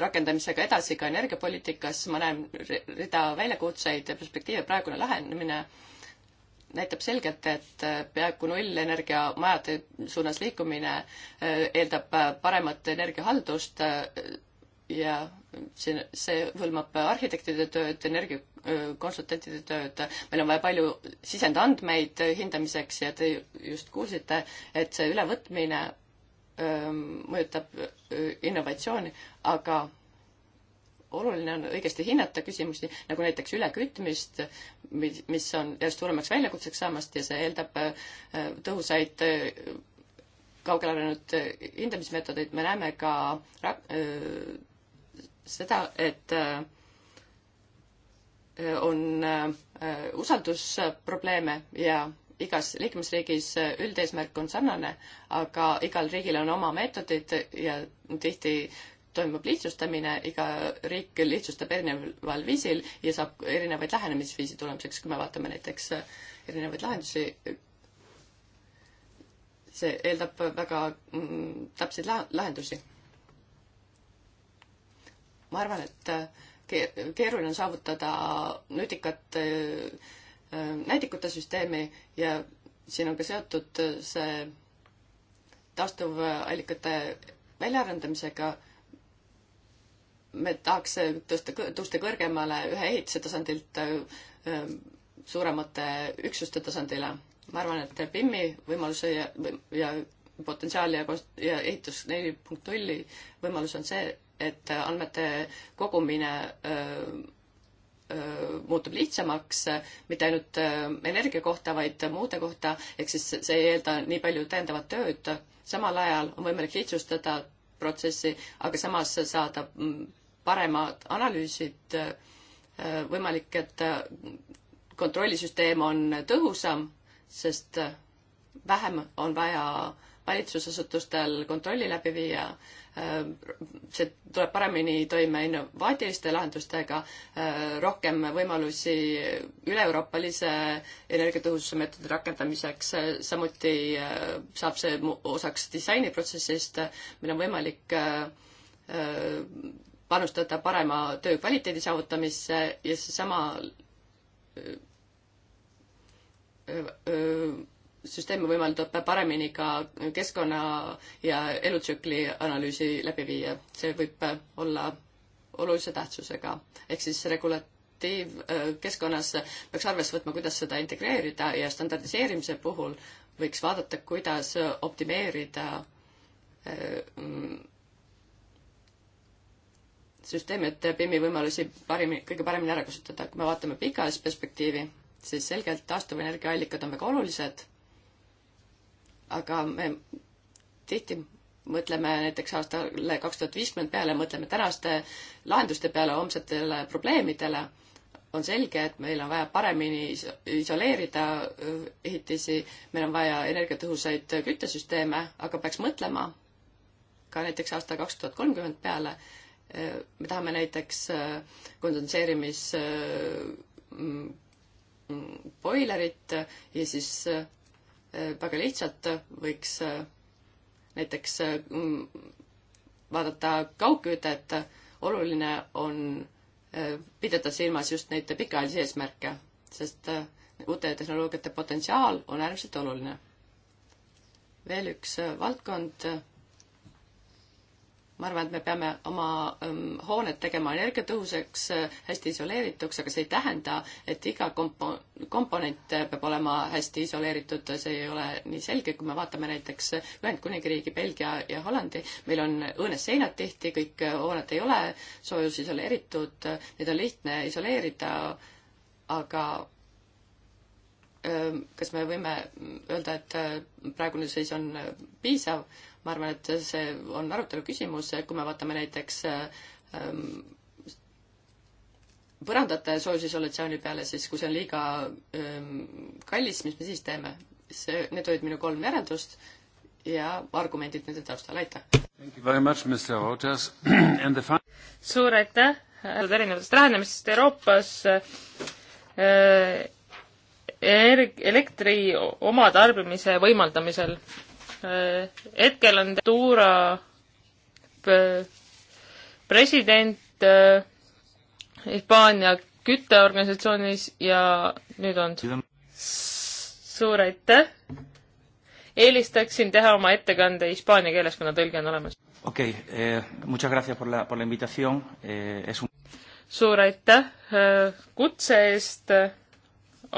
rakendamisega edasi ka energiapoliitikas, ma näen rida väljakutseid ja perspektiive, praegune lähenemine näitab selgelt, et äh, peaaegu nullenergiamajade suunas liikumine äh, eeldab paremat energiahaldust, ja see, see hõlmab arhitektide tööd, energiakonsultantide tööd, meil on vaja palju sisendandmeid hindamiseks ja te just kuulsite, et see ülevõtmine öö, ähm, mõjutab äh, innovatsiooni, aga oluline on õigesti hinnata küsimusi, nagu näiteks ülekütmist, mis, mis on järjest suuremaks väljakutseks saamast ja see eeldab äh, tõhusaid äh, kaugele arenenud hindamismeetodeid, me näeme ka rak-, seda, et äh, on äh, usaldusprobleeme ja igas liikmesriigis äh, üldeesmärk on sarnane, aga igal riigil on oma meetodid ja tihti toimub lihtsustamine, iga riik lihtsustab erineval viisil ja saab erinevaid lähenemisviisi tulemuseks, kui me vaatame näiteks erinevaid lahendusi, see eeldab väga mm, täpseid lahendusi ma arvan, et äh, keeruline on saavutada nutikat äh, äh, näidikute süsteemi ja siin on ka seotud see taastuvallikate väljaarendamisega. me tahaks tõsta, tõusta kõrgemale ühe ehitise tasandilt suuremate üksuste tasandile. ma arvan, et PIM-i võimaluse ja, ja potentsiaali ja, ja ehitus neli punkt nulli võimalus on see, et andmete kogumine muutub lihtsamaks, mitte ainult energia kohta, vaid muude kohta, ehk siis see ei eelda nii palju täiendavat tööd. samal ajal on võimalik lihtsustada protsessi, aga samas saada mm, paremad analüüsid. võimalik, et kontrollisüsteem on tõhusam, sest vähem on vaja äh, valitsusasutustel kontrolli läbi viia, äh, see tuleb paremini toime innovaatiliste lahendustega, äh, rohkem võimalusi üle-euroopalise energiatõhususe meetodi rakendamiseks, äh, samuti saab see osaks disainiprotsessist, meil on võimalik panustada parema töö kvaliteedi saavutamisse ja seesama süsteem võimaldab paremini ka keskkonna ja elutsükli analüüsi läbi viia. see võib olla olulise tähtsusega. ehk siis regulatiiv äh, keskkonnas peaks arvesse võtma, kuidas seda integreerida ja standardiseerimise puhul võiks vaadata, kuidas optimeerida äh, mm, süsteemi, et BIM-i võimalusi parimini, kõige paremini ära kasutada. kui me vaatame pikaajalist perspektiivi, siis selgelt taastuvenergiaallikad on väga olulised aga me tihti mõtleme näiteks aastale kaks tuhat viiskümmend peale, mõtleme tänaste lahenduste peale, homsetele probleemidele, on selge, et meil on vaja paremini isoleerida ehitisi, meil on vaja energiatõhusaid küttesüsteeme, aga peaks mõtlema ka näiteks aasta kaks tuhat kolmkümmend peale, me tahame näiteks äh, kondenseerimis äh, mm, mm, boilerit ja siis äh, väga lihtsalt võiks äh, näiteks äh, vaadata kaugkütet, oluline on äh, pidada silmas just neid pikaajalisi eesmärke, sest uute tehnoloogiate potentsiaal on äärmiselt oluline. veel üks valdkond ma arvan, et me peame oma ähm, hooned tegema energiatõhusaks, äh, hästi isoleerituks, aga see ei tähenda, et iga kompo-, komponent äh, peab olema hästi isoleeritud, see ei ole nii selge, kui me vaatame näiteks Ühendkuningriigi, Belgia ja Hollandi, meil on õõnes seinad tihti, kõik äh, hooned ei ole soojusisoleeritud, neid on lihtne isoleerida, aga ähm, kas me võime öelda, et praegune seis on piisav, ma arvan, et see on arutelu küsimus, kui me vaatame näiteks ähm, põrandate soojusisolatsiooni peale, siis kui see on liiga ähm, kallis, mis me siis teeme? see, need olid minu kolm järeldust ja argumendid nende taustal, aitäh! suur aitäh erinevast lähenemisest Euroopas äh, elektri omatarbimise võimaldamisel Eh, hetkel on Tuura eh, president eh, Hispaania kütteorganisatsioonis ja nüüd on suur aitäh. eelistaksin teha oma ettekande hispaania keeles, kuna tõlge on olemas. okei okay, eh,, muchas gracias por la, por la invitación eh,. Un... suur aitäh kutse eest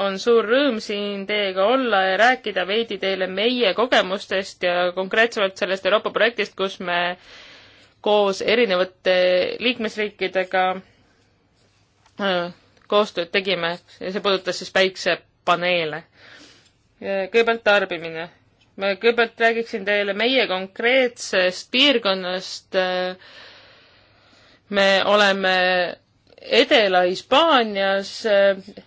on suur rõõm siin teiega olla ja rääkida veidi teile meie kogemustest ja konkreetsemalt sellest Euroopa projektist, kus me koos erinevate liikmesriikidega äh, koostööd tegime ja see puudutas siis päiksepaneele. kõigepealt tarbimine. ma kõigepealt räägiksin teile meie konkreetsest piirkonnast. Äh, me oleme Edela-Hispaanias äh,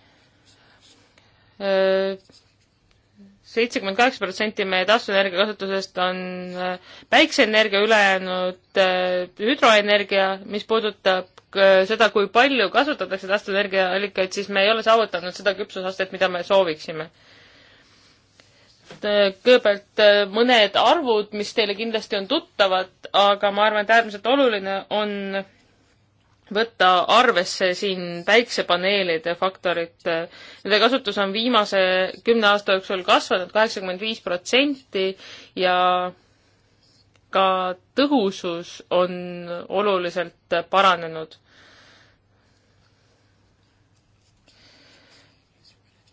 seitsekümmend kaheksa protsenti meie taastuvenergia kasutusest on äh, päikseenergia, ülejäänud äh, hüdroenergia, mis puudutab äh, seda, kui palju kasutatakse taastuvenergiaallikaid, siis me ei ole saavutanud seda küpsusastet, mida me sooviksime. kõigepealt mõned arvud, mis teile kindlasti on tuttavad, aga ma arvan, et äärmiselt oluline on võtta arvesse siin päiksepaneelide faktorit. Nende kasutus on viimase kümne aasta jooksul kasvanud kaheksakümmend viis protsenti ja ka tõhusus on oluliselt paranenud.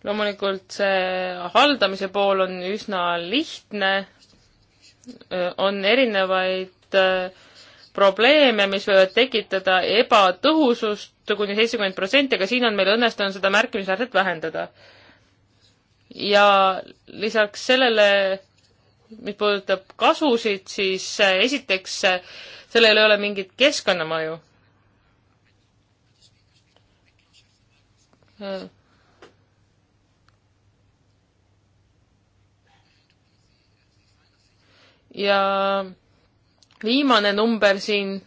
loomulikult see haldamise pool on üsna lihtne, on erinevaid äh, probleeme, mis võivad tekitada ebatõhusust kuni seitsekümmend protsenti, aga siin on meil õnnestunud seda märkimisväärselt vähendada. ja lisaks sellele, mis puudutab kasusid, siis äh, esiteks äh, sellel ei ole mingit keskkonnamõju. Äh. ja viimane number siin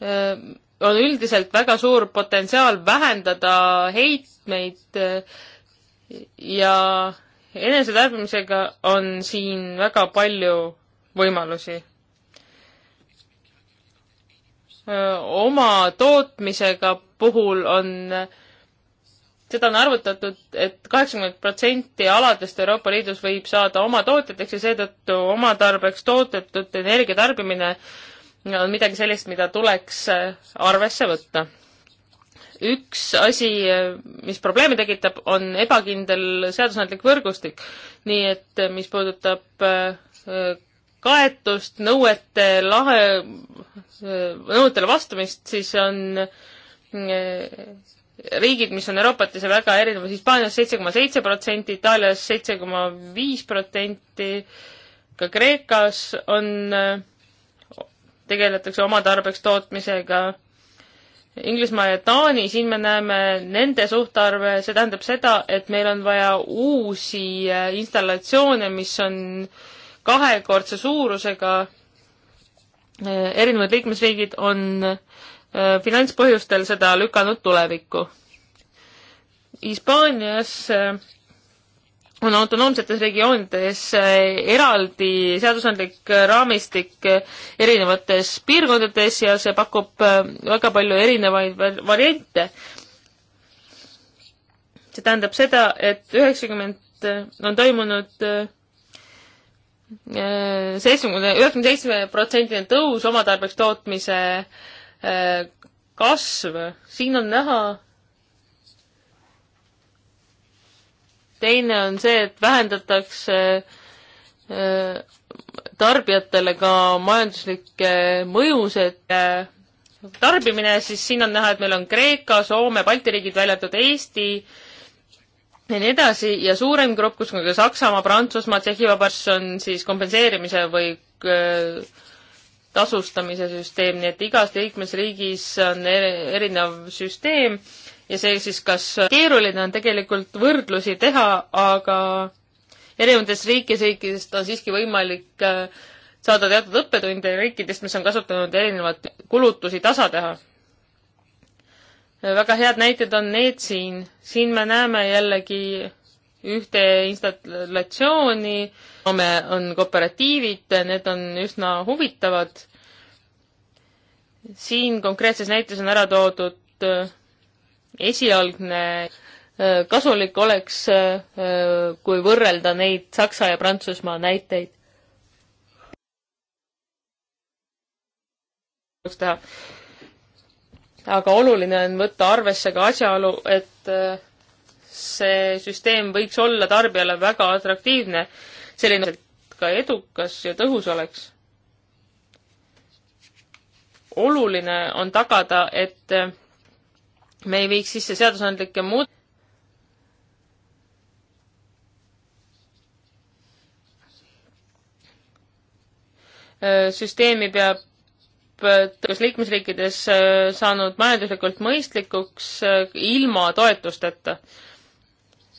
äh, on üldiselt väga suur potentsiaal vähendada heitmeid äh, ja enesetarbimisega on siin väga palju võimalusi. Äh, oma tootmisega puhul on äh, seda on arvutatud et, et kaheksakümmend protsenti aladest Euroopa Liidus võib saada oma tooted, ehk siis seetõttu oma tarbeks toodetud energia tarbimine on midagi sellist, mida tuleks arvesse võtta. üks asi, mis probleeme tekitab, on ebakindel seadusandlik võrgustik. nii et mis puudutab äh, kaetust, nõuete lahe, äh, nõuetele vastamist, siis on äh, riigid, mis on Euroopates ja väga erinevad, Hispaanias seitse koma seitse protsenti, Itaalias seitse koma viis protsenti, ka Kreekas on, äh, tegeletakse oma tarbeks tootmisega. Inglismaa ja Taani, siin me näeme nende suhtarve, see tähendab seda, et meil on vaja uusi äh, installatsioone, mis on kahekordse suurusega. Äh, erinevad liikmesriigid on Äh, finantspõhjustel seda lükanud tulevikku. Hispaanias äh, on autonoomsetes regioonides äh, eraldi seadusandlik raamistik erinevates piirkondades ja see pakub väga palju erinevaid variante. see tähendab seda, et üheksakümmend on toimunud seitsmekümne, üheksakümne seitsme protsendine tõus omatarbeks tootmise äh, Äh, kasv, siin on näha. teine on see, et vähendatakse äh, tarbijatele ka majanduslikke mõjusid. Äh, tarbimine, siis siin on näha, et meil on Kreeka, Soome, Balti riigid, välja arvatud Eesti ja nii edasi ja suurem grupp, kus on ka Saksamaa, Prantsusmaa, Tšehhi Vabariik, on siis kompenseerimise või tasustamise süsteem, nii et igas liikmesriigis on erinev süsteem ja see siis kas, keeruline on tegelikult võrdlusi teha, aga erinevatest riikidest on siiski võimalik äh, saada teatud õppetunde riikidest, mis on kasutanud erinevaid kulutusi tasa teha. Äh, väga head näited on need siin, siin me näeme jällegi ühte installatsiooni, Soome on kooperatiivid, need on üsna huvitavad. siin konkreetses näites on ära toodud äh, esialgne äh, kasulik oleks, äh, kui võrrelda neid Saksa ja Prantsusmaa näiteid. teha. aga oluline on võtta arvesse ka asjaolu, et see süsteem võiks olla tarbijale väga atraktiivne, selline ka edukas ja tõhus oleks. oluline on tagada, et me ei viiks sisse seadusandlikke muud-. süsteemi peab kas liikmesriikides äh, saanud majanduslikult mõistlikuks äh, ilma toetusteta.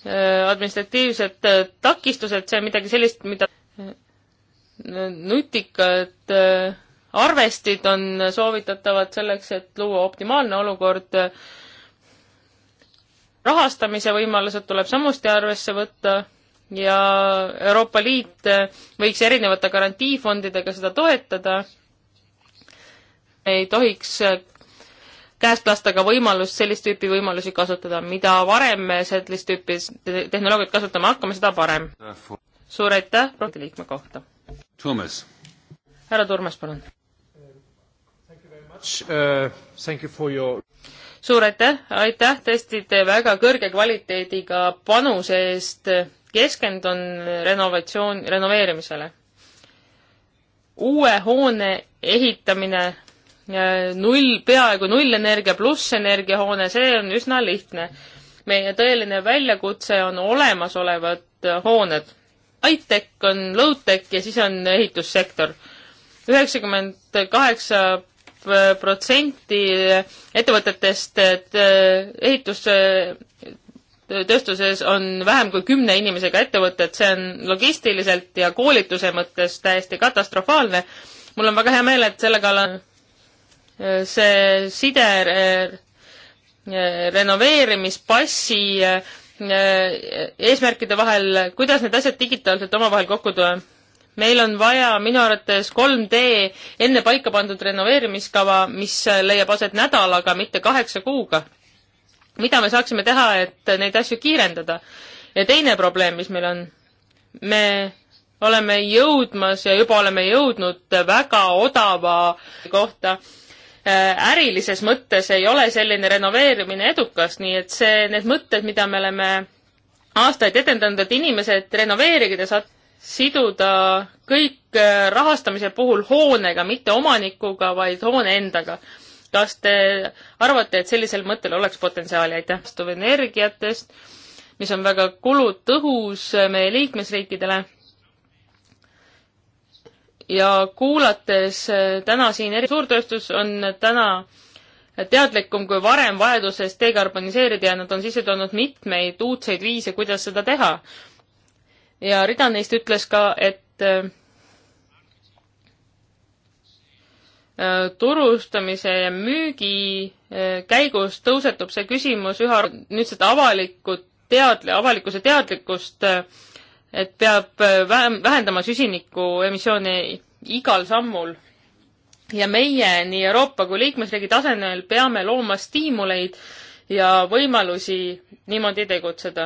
Äh, administratiivsed äh, takistused, see on midagi sellist, mida äh, nutikad arvestid on soovitatavad selleks, et luua optimaalne olukord. rahastamise võimalused tuleb samuti arvesse võtta ja Euroopa Liit võiks erinevate garantiifondidega seda toetada. ei tohiks käest lasta ka võimalus sellist tüüpi võimalusi kasutada. mida varem me sellist tüüpi tehnoloogiat kasutama hakkame, seda parem. suur aitäh projekti liikme kohta. Toomas. härra Turmas, palun. Uh, your... suur aitäh, aitäh tõesti teie väga kõrge kvaliteediga panuse eest. keskendun renovatsioon, renoveerimisele. uue hoone ehitamine null, peaaegu nullenergia pluss energiahoone, see on üsna lihtne. meie tõeline väljakutse on olemasolevad hooned. High-tech on low-tech ja siis on ehitussektor. üheksakümmend kaheksa protsenti ettevõtetest et äh, ehitustööstuses äh, on vähem kui kümne inimesega ettevõtted, see on logistiliselt ja koolituse mõttes täiesti katastrofaalne. mul on väga hea meel, et selle kallal see side renoveerimispassi e, eesmärkide vahel, kuidas need asjad digitaalselt omavahel kokku tuua? meil on vaja minu arvates 3D enne paika pandud renoveerimiskava, mis leiab aset nädalaga, mitte kaheksa kuuga. mida me saaksime teha, et neid asju kiirendada? ja teine probleem, mis meil on, me oleme jõudmas ja juba oleme jõudnud väga odava kohta Äh, ärilises mõttes ei ole selline renoveerimine edukas, nii et see, need mõtted, mida me oleme aastaid edendanud, et inimesed, renoveerige, te saate siduda kõik äh, rahastamise puhul hoonega, mitte omanikuga, vaid hoone endaga. kas te arvate, et sellisel mõttel oleks potentsiaali, aitäh, taastuvenergiatest, mis on väga kulutõhus äh, meie liikmesriikidele ja kuulates äh, täna siin eri suurtööstus on täna teadlikum kui varem vajadusest dekarboniseerida ja nad on sisse toonud mitmeid uudseid viise, kuidas seda teha. ja rida neist ütles ka, et äh, äh, turustamise ja müügi käigus tõusetub see küsimus üha nüüd seda avalikku teadli-, avalikkuse teadlikkust äh, et peab äh, vähendama süsiniku emissiooni igal sammul. ja meie, nii Euroopa kui liikmesriigi tasemel, peame looma stiimuleid ja võimalusi niimoodi tegutseda.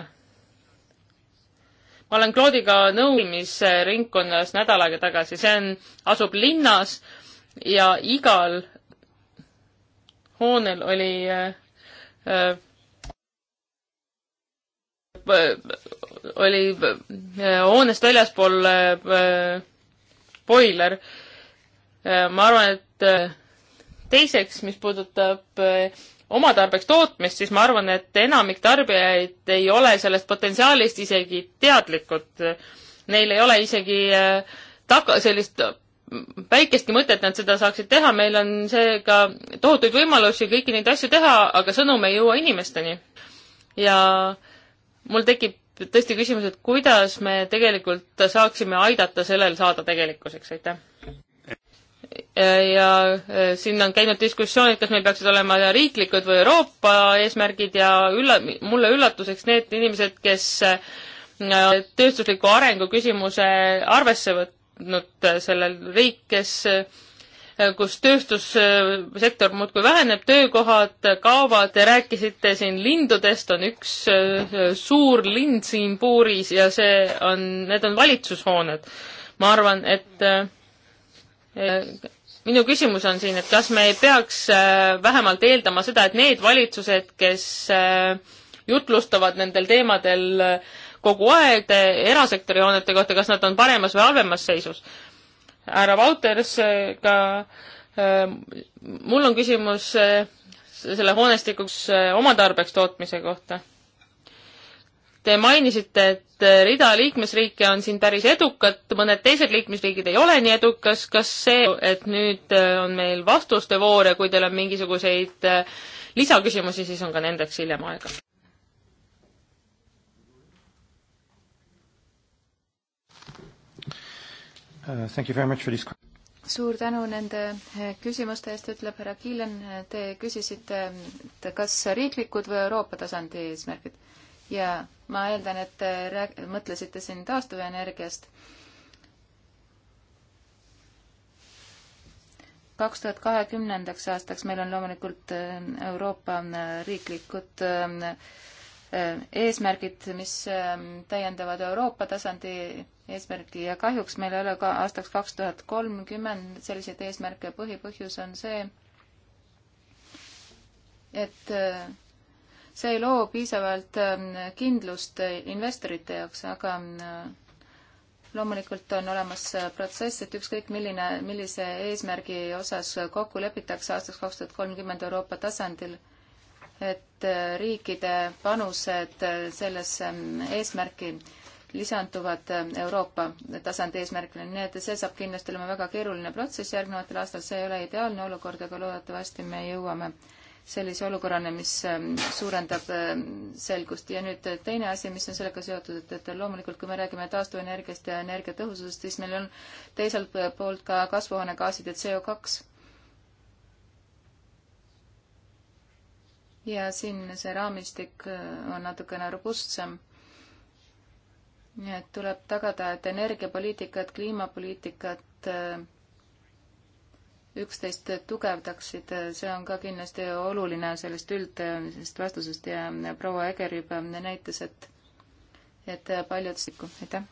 ma olen Claude'iga nõumisringkonnas äh, nädal aega tagasi, see on, asub linnas ja igal hoonel oli äh, äh, oli äh, hoonest väljaspool äh, boiler. Äh, ma arvan, et teiseks, mis puudutab oma tarbeks tootmist, siis ma arvan, et enamik tarbijaid ei ole sellest potentsiaalist isegi teadlikud. Neil ei ole isegi taga, sellist väikestki mõtet nad seda saaksid teha, meil on seega tohutuid võimalusi kõiki neid asju teha, aga sõnum ei jõua inimesteni. ja mul tekib tõesti küsimus, et kuidas me tegelikult saaksime aidata sellel saada tegelikkuseks, aitäh. ja e, siin on käinud diskussioonid, kas meil peaksid olema riiklikud või Euroopa eesmärgid ja ülla-, mulle üllatuseks need inimesed, kes e, tööstusliku arengu küsimuse arvesse võtnud e, sellel riik, kes Äh, kus tööstussektor muudkui väheneb, töökohad kaovad, te rääkisite siin lindudest, on üks äh, suur lind siin puuris ja see on, need on valitsushooned. ma arvan, et äh, minu küsimus on siin, et kas me ei peaks vähemalt eeldama seda, et need valitsused, kes jutlustavad nendel teemadel kogu aeg erasektori hoonete kohta, kas nad on paremas või halvemas seisus härra Vauters, ka ähm, mul on küsimus äh, selle hoonestikuks äh, oma tarbeks tootmise kohta. Te mainisite, et äh, rida liikmesriike on siin päris edukad, mõned teised liikmesriigid ei ole nii edukas, kas see, et nüüd on meil vastuste voor ja kui teil on mingisuguseid lisaküsimusi, siis on ka nendeks hiljem aega? uh,. suur tänu nende eh, küsimuste eest, ütleb härra Kiilen. Eh, te küsisite, et eh, kas riiklikud või Euroopa tasandi eesmärgid ja ma eeldan, et te rääg-, mõtlesite siin taastuvenergiast. kaks tuhat kahekümnendaks aastaks meil on loomulikult Euroopa riiklikud eesmärgid, mis täiendavad Euroopa tasandi eesmärki ja kahjuks meil ei ole ka aastaks kaks tuhat kolmkümmend selliseid eesmärke. põhipõhjus on see, et äh, see ei loo piisavalt äh, kindlust investorite jaoks, aga äh, loomulikult on olemas protsess, et ükskõik milline, millise eesmärgi osas kokku lepitakse aastaks kaks tuhat kolmkümmend Euroopa tasandil, et riikide panused sellesse mm, eesmärki lisanduvad ähm, Euroopa tasandi eesmärgile, nii et see saab kindlasti olema väga keeruline protsess järgnevatel aastatel, see ei ole ideaalne olukord, aga loodetavasti me jõuame sellise olukorrani, mis ähm, suurendab ähm, selgust. ja nüüd äh, teine asi, mis on sellega seotud, et, et loomulikult, kui me räägime taastuvenergiast ja energiatõhususest, siis meil on teiselt poolt ka kasvuhoonegaasid ja CO2. ja siin see raamistik äh, on natukene robustsem nii et tuleb tagada, et energiapoliitikat, kliimapoliitikat äh, üksteist tugevdaksid, see on ka kindlasti oluline sellest üldisest vastusest ja proua Eger juba näitas, et, et paljud sikku, aitäh.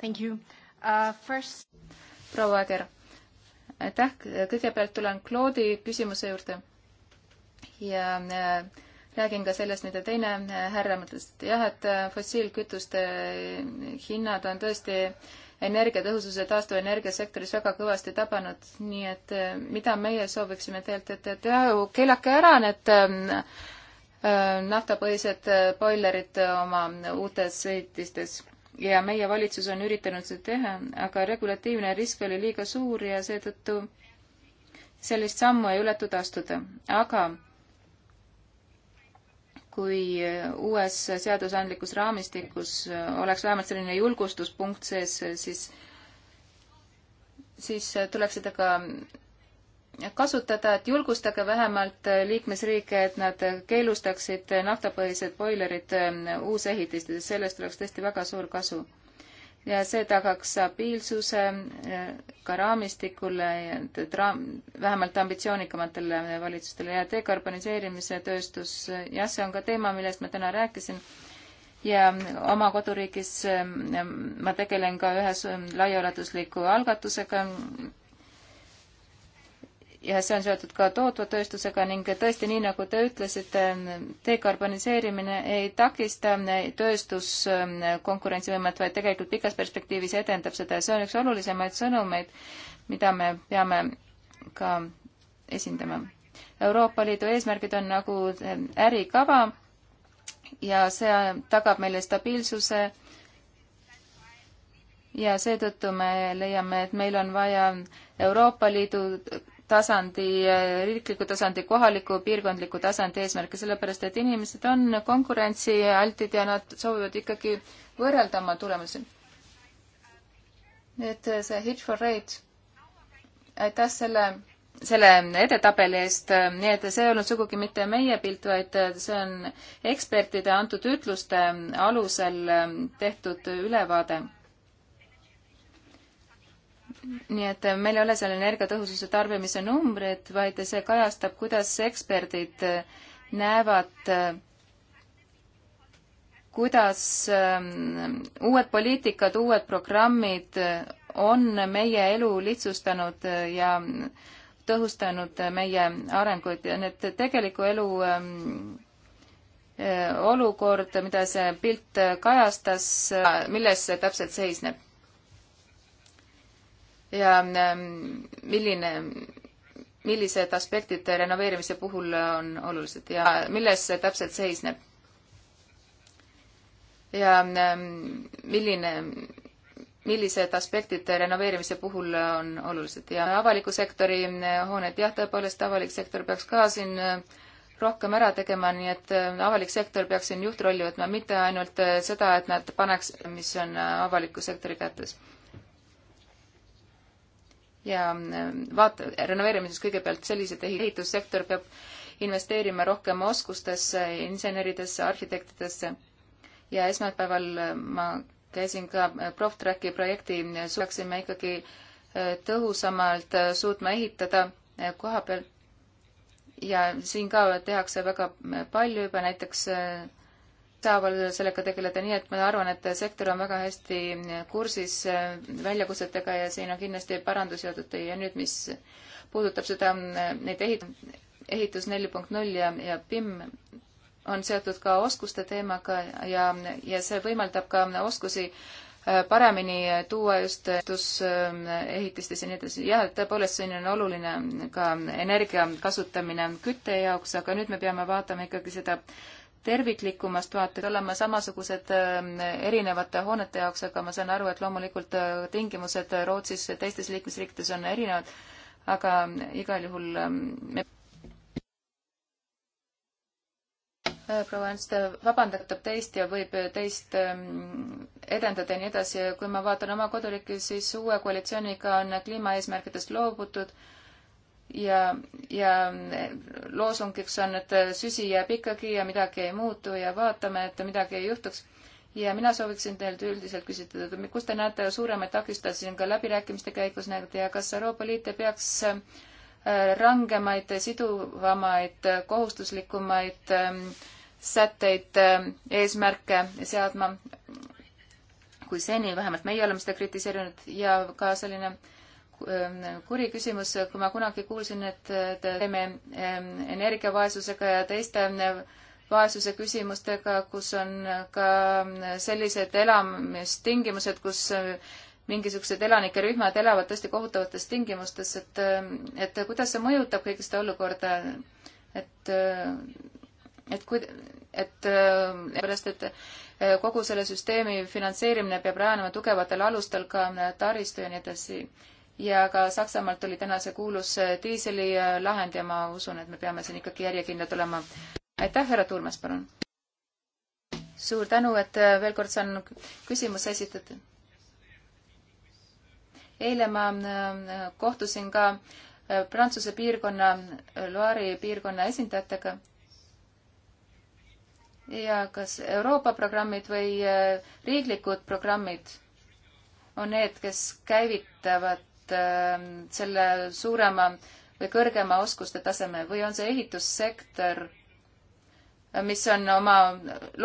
Thank you uh,. First. proua Eger, aitäh, kõigepealt tulen Claude'i küsimuse juurde ja äh, räägin ka sellest, mida teine äh, härra mõtles, et jah, et äh, fossiilkütuste äh, hinnad on tõesti energiatõhususe taastuvenergia sektoris väga kõvasti tabanud, nii et mida meie sooviksime teilt, et, et jah, keelake ära need ähm, äh, naftapõhised boilerid oma uutes ehitistes ja meie valitsus on üritanud seda teha, aga regulatiivne risk oli liiga suur ja seetõttu sellist sammu ei juletud astuda. aga kui äh, uues seadusandlikus raamistikus äh, oleks vähemalt selline julgustuspunkt sees, äh, siis, siis tuleks seda ka kasutada, et julgustage vähemalt liikmesriike, et nad keelustaksid naftapõhised boilerid uusehitistes, sellest oleks tõesti väga suur kasu ja see tagaks stabiilsuse eh, ka raamistikule, et raam, vähemalt ambitsioonikamatele valitsustele ja dekarboniseerimise tööstus, eh, jah, see on ka teema, millest ma täna rääkisin. ja oma koduriigis eh, ma tegelen ka ühe laiaulatusliku algatusega, ja see on seotud ka tootva tööstusega ning tõesti, nii nagu te ütlesite, dekarboniseerimine ei takista tööstuskonkurentsivõimet, ähm, vaid tegelikult pikas perspektiivis edendab seda ja see on üks olulisemaid sõnumeid, mida me peame ka esindama. Euroopa Liidu eesmärgid on nagu ähm, ärikava ja see tagab meile stabiilsuse ja seetõttu me leiame, et meil on vaja Euroopa Liidu tasandi, riikliku tasandi, kohaliku, piirkondliku tasandi eesmärke, sellepärast et inimesed on konkurentsialtid ja nad soovivad ikkagi võrrelda oma tulemusi. nüüd see Hit for Rate, aitäh selle, selle edetabeli eest, nii et see ei olnud sugugi mitte meie pilt, vaid see on ekspertide antud ütluste alusel tehtud ülevaade nii et äh, meil ei ole seal energiatõhususe tarbimise numbrid, vaid see kajastab, kuidas eksperdid äh, näevad, äh, kuidas ähm, uued poliitikad, uued programmid on meie elu lihtsustanud ja tõhustanud meie arenguid ja need tegeliku elu ähm, olukord, mida see pilt kajastas, milles see täpselt seisneb ja ähm, milline, millised aspektid renoveerimise puhul on olulised ja milles see täpselt seisneb? ja ähm, milline, millised aspektid renoveerimise puhul on olulised ja avaliku sektori äh, hooned, jah, tõepoolest avalik sektor peaks ka siin äh, rohkem ära tegema, nii et äh, avalik sektor peaks siin juhtrolli võtma, mitte ainult seda, et nad paneks, mis on avaliku sektori kätes ja äh, vaata, renoveerimises kõigepealt sellised ehitussektor peab investeerima rohkem oskustesse, inseneridesse, arhitektidesse. ja esmaspäeval äh, ma käisin ka äh, ProfTracki projekti, suudaksime ikkagi tõhusamalt suutma ehitada koha peal. ja siin ka tehakse väga palju juba, näiteks saavad sellega tegeleda, nii et ma arvan, et sektor on väga hästi kursis äh, väljakutsetega ja siin on kindlasti parandusi oodatud ja nüüd, mis puudutab seda, äh, neid ehit-, ehitus neli punkt null ja, ja PIM on seotud ka oskuste teemaga ja, ja see võimaldab ka oskusi äh, paremini tuua just ehitistes ja nii edasi. jah, tõepoolest siin on oluline ka energia kasutamine kütte jaoks, aga nüüd me peame vaatama ikkagi seda äh, terviklikumast vaated olema samasugused ähm, erinevate hoonete jaoks, aga ma saan aru, et loomulikult äh, tingimused Rootsis ja teistes liikmesriikides on erinevad, aga ähm, igal juhul ähm, me äh, proua Ernst äh, vabandatab teist ja võib teist edendada ja nii edasi. kui ma vaatan oma koduriiki, siis uue koalitsiooniga on kliimaeesmärkidest loobutud ja, ja loosungiks on, et süsi jääb ikkagi ja midagi ei muutu ja vaatame, et midagi ei juhtuks. ja mina sooviksin teilt üldiselt küsida, et kus te näete suuremaid takistusi ka läbirääkimiste käigus näete ja kas Euroopa Liit ei peaks äh, rangemaid, siduvamaid, kohustuslikumaid ähm, sätteid, ähm, eesmärke seadma kui seni, vähemalt meie oleme seda kritiseerinud ja ka selline äh, Ähm, kuri küsimus, kui ma kunagi kuulsin, et teeme ähm, energiavaesusega ja teiste ähm, vaesuse küsimustega, kus on ka sellised elamistingimused, kus äh, mingisugused elanike rühmad elavad tõesti kohutavates tingimustes, et, et kuidas see mõjutab kõike seda olukorda, et, äh, et kui, et äh, pärast, et kogu selle süsteemi finantseerimine peab rajanema tugevatel alustel ka taristu ja nii edasi ja ka Saksamaalt oli täna see kuulus äh, diiseli äh, lahend ja ma usun, et me peame siin ikkagi järjekindlad olema. aitäh, härra Turmas, palun! suur tänu, et äh, veel kord saan küsimuse esitada. eile ma kohtusin ka Prantsuse piirkonna, Loire'i piirkonna esindajatega ja kas Euroopa programmid või riiklikud programmid on need, kes käivitavad Ähm, selle suurema või kõrgema oskuste taseme või on see ehitussektor, mis on oma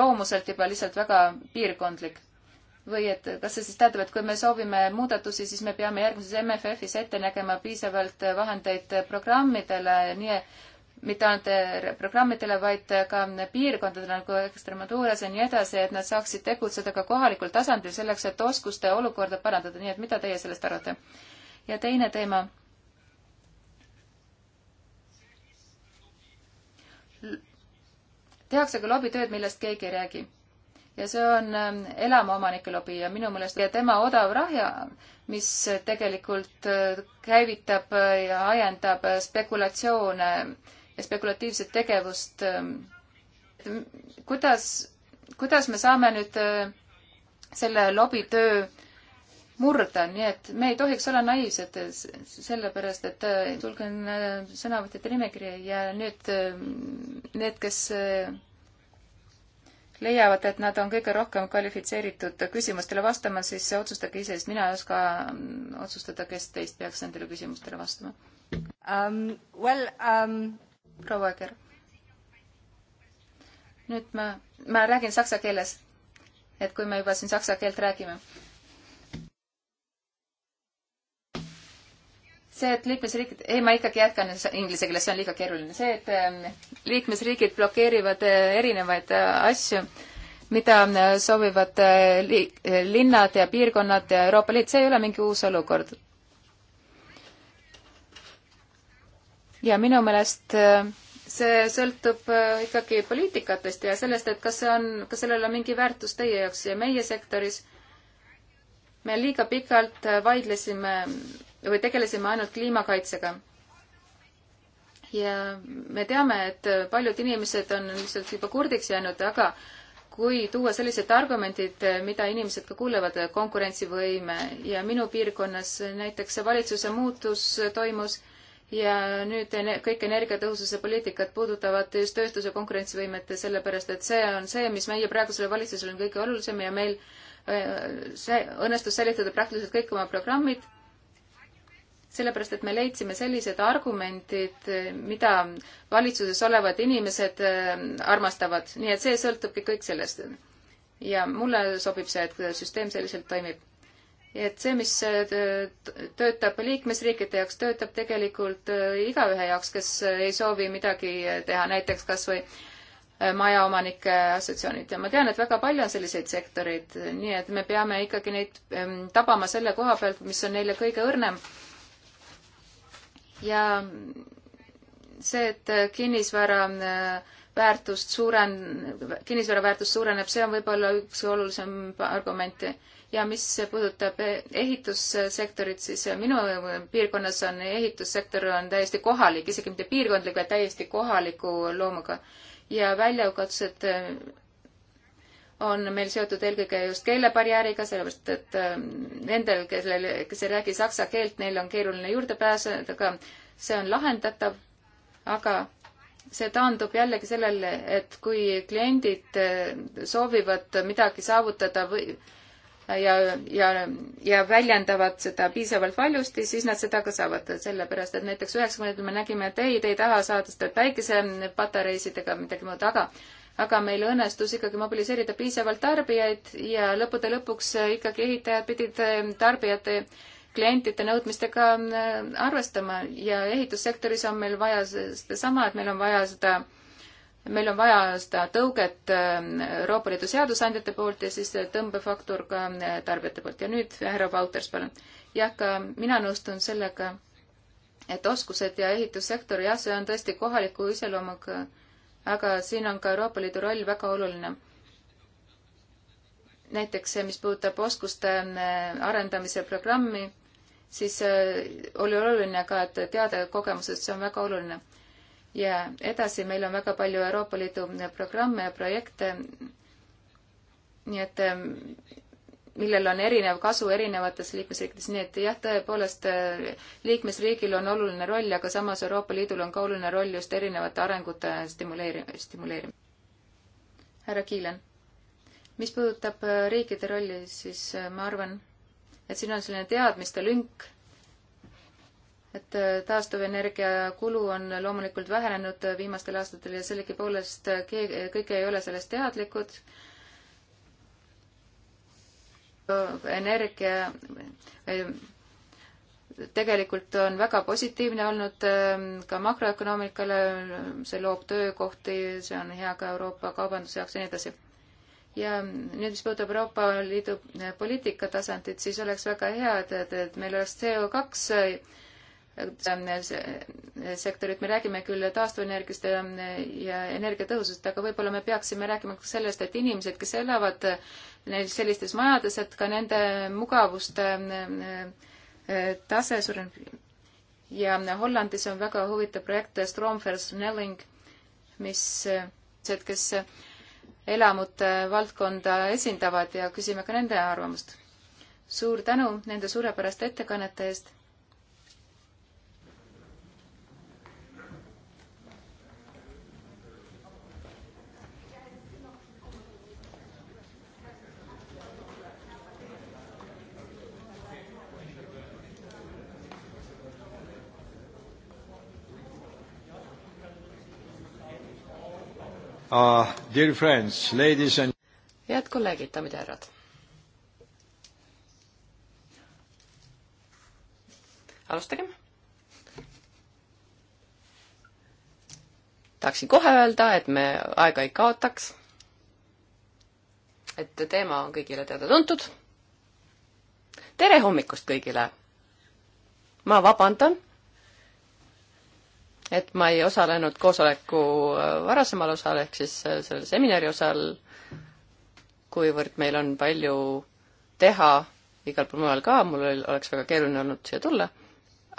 loomuselt juba lihtsalt väga piirkondlik? või et kas see siis tähendab, et kui me soovime muudatusi, siis me peame järgmises MFF-is ette nägema piisavalt vahendeid programmidele, nii mitte ainult programmidele, vaid ka piirkondadele nagu Extremaduras ja nii edasi, et nad saaksid tegutseda ka kohalikul tasandil selleks, et oskuste olukorda parandada, nii et mida teie sellest arvate? ja teine teema. tehakse ka lobitööd, millest keegi ei räägi ja see on ähm, elamuomanike lobi ja minu meelest ja tema odav rahja, mis tegelikult äh, käivitab äh, ja ajendab äh, spekulatsioone ja spekulatiivset tegevust. Ähm, kuidas, kuidas me saame nüüd selle lobitöö murda, nii et me ei tohiks olla naiivsed, sellepärast et sulgen äh, äh, sõnavõtjate nimekirja ja nüüd äh, need, kes leiavad, et nad on kõige rohkem kvalifitseeritud küsimustele vastama, siis otsustage ise, sest mina ei oska mm, otsustada, kes teist peaks nendele küsimustele vastama um,. Well um..., proua Eger. nüüd ma, ma räägin saksa keeles. et kui me juba siin saksa keelt räägime see, et liikmesriigid, ei, ma ikkagi jätkan inglise keeles, see on liiga keeruline, see, et ähm, liikmesriigid blokeerivad äh, erinevaid äh, asju, mida äh, soovivad liik-, linnad ja piirkonnad ja Euroopa Liit, see ei ole mingi uus olukord. ja minu meelest see sõltub ikkagi poliitikatest ja sellest, et kas see on, kas sellel on mingi väärtus teie jaoks ja meie sektoris me liiga pikalt vaidlesime või tegelesime ainult kliimakaitsega. ja me teame, et paljud inimesed on lihtsalt juba kurdiks jäänud, aga kui tuua sellised argumendid, mida inimesed ka kuulevad, konkurentsivõime ja minu piirkonnas näiteks see valitsuse muutus toimus ja nüüd kõik energiatõhususe poliitikat puudutavad just tööstuse konkurentsivõimet, sellepärast et see on see, mis meie praegusele valitsusele on kõige olulisem ja meil äh, see õnnestus säilitada praktiliselt kõik oma programmid sellepärast et me leidsime sellised argumendid, mida valitsuses olevad inimesed äh, armastavad, nii et see sõltubki kõik sellest. ja mulle sobib see, et süsteem selliselt toimib. et see, mis äh, töötab liikmesriikide jaoks, töötab tegelikult äh, igaühe jaoks, kes ei soovi midagi teha, näiteks kas või majaomanike assotsioonid ja ma tean, et väga palju on selliseid sektoreid, nii et me peame ikkagi neid ähm, tabama selle koha pealt, mis on neile kõige õrnem ja see, et kinnisvara äh, väärtust suuren-, kinnisvara väärtus suureneb, see on võib-olla üks olulisem argument. ja mis puudutab e-, ehitussektorit, siis minu piirkonnas on ehitussektor on täiesti kohalik, isegi mitte piirkondlik, vaid täiesti kohaliku loomuga. ja väljakutsed on meil seotud eelkõige just keelebarjääriga, sellepärast et ähm, nendel, kellel, kes ei räägi saksa keelt, neil on keeruline juurde pääseda, aga see on lahendatav. aga see taandub jällegi sellele, et kui kliendid äh, soovivad midagi saavutada või ja, ja, ja väljendavad seda piisavalt valjusti, siis nad seda ka saavad, sellepärast et näiteks üheksakümnendatel me nägime, et ei, te ei taha saada seda päikesepatareisidega midagi muud, aga aga meil õnnestus ikkagi mobiliseerida piisavalt tarbijaid ja lõppude lõpuks äh, ikkagi ehitajad pidid äh, tarbijate klientide nõudmistega äh, arvestama ja ehitussektoris on meil vaja sedasama, et meil on vaja seda, meil on vaja seda tõuget Euroopa Liidu seadusandjate poolt ja siis tõmbefaktor ka tarbijate poolt. ja nüüd härra Pauters, palun. jah, ka mina nõustun sellega, et oskused ja ehitussektor, jah, see on tõesti kohaliku iseloomuga aga siin on ka Euroopa Liidu roll väga oluline. näiteks see, mis puudutab oskuste äh, arendamise programmi, siis äh, oli oluline ka, et teada kogemusest, see on väga oluline. ja edasi meil on väga palju Euroopa Liidu programme ja projekte, nii et ähm, millel on erinev kasu erinevates liikmesriikides, nii et jah, tõepoolest äh, liikmesriigil on oluline roll, aga samas Euroopa Liidul on ka oluline roll just erinevate arengute stimuleeri-, stimuleerimine. härra Kiilen, mis puudutab äh, riikide rolli, siis äh, ma arvan, et siin on selline teadmiste lünk, et taastuvenergia kulu on loomulikult vähenenud viimastel aastatel ja sellegipoolest keegi, kõik ei ole sellest teadlikud energia eh, tegelikult on väga positiivne olnud eh, ka makroökonoomikale, see loob töökohti, see on hea ka Euroopa kaubanduse jaoks ja nii edasi. ja nüüd, mis puudutab Euroopa Liidu eh, poliitika tasandit, siis oleks väga hea, et, et, et meil oleks CO2 Ähm, sektorit, me räägime küll taastuvenergiast ja, ja energiatõhususest, aga võib-olla me peaksime rääkima ka sellest, et inimesed, kes elavad äh, neil sellistes majades, et ka nende mugavuste ähm, äh, tase suureneb. ja äh, Hollandis on väga huvitav projekt Stromversnelling, mis, kes elamute valdkonda esindavad ja küsime ka nende arvamust. suur tänu nende suurepäraste ettekannete eest Uh, dear friends, ladies and head kolleegid, daamid ja härrad. alustagem. tahaksin kohe öelda, et me aega ei kaotaks. et teema on kõigile teada-tuntud. tere hommikust kõigile. ma vabandan et ma ei osalenud koosoleku äh, varasemal osal ehk siis äh, sellel seminari osal, kuivõrd meil on palju teha igal pool mujal ka, mul oleks väga keeruline olnud siia tulla,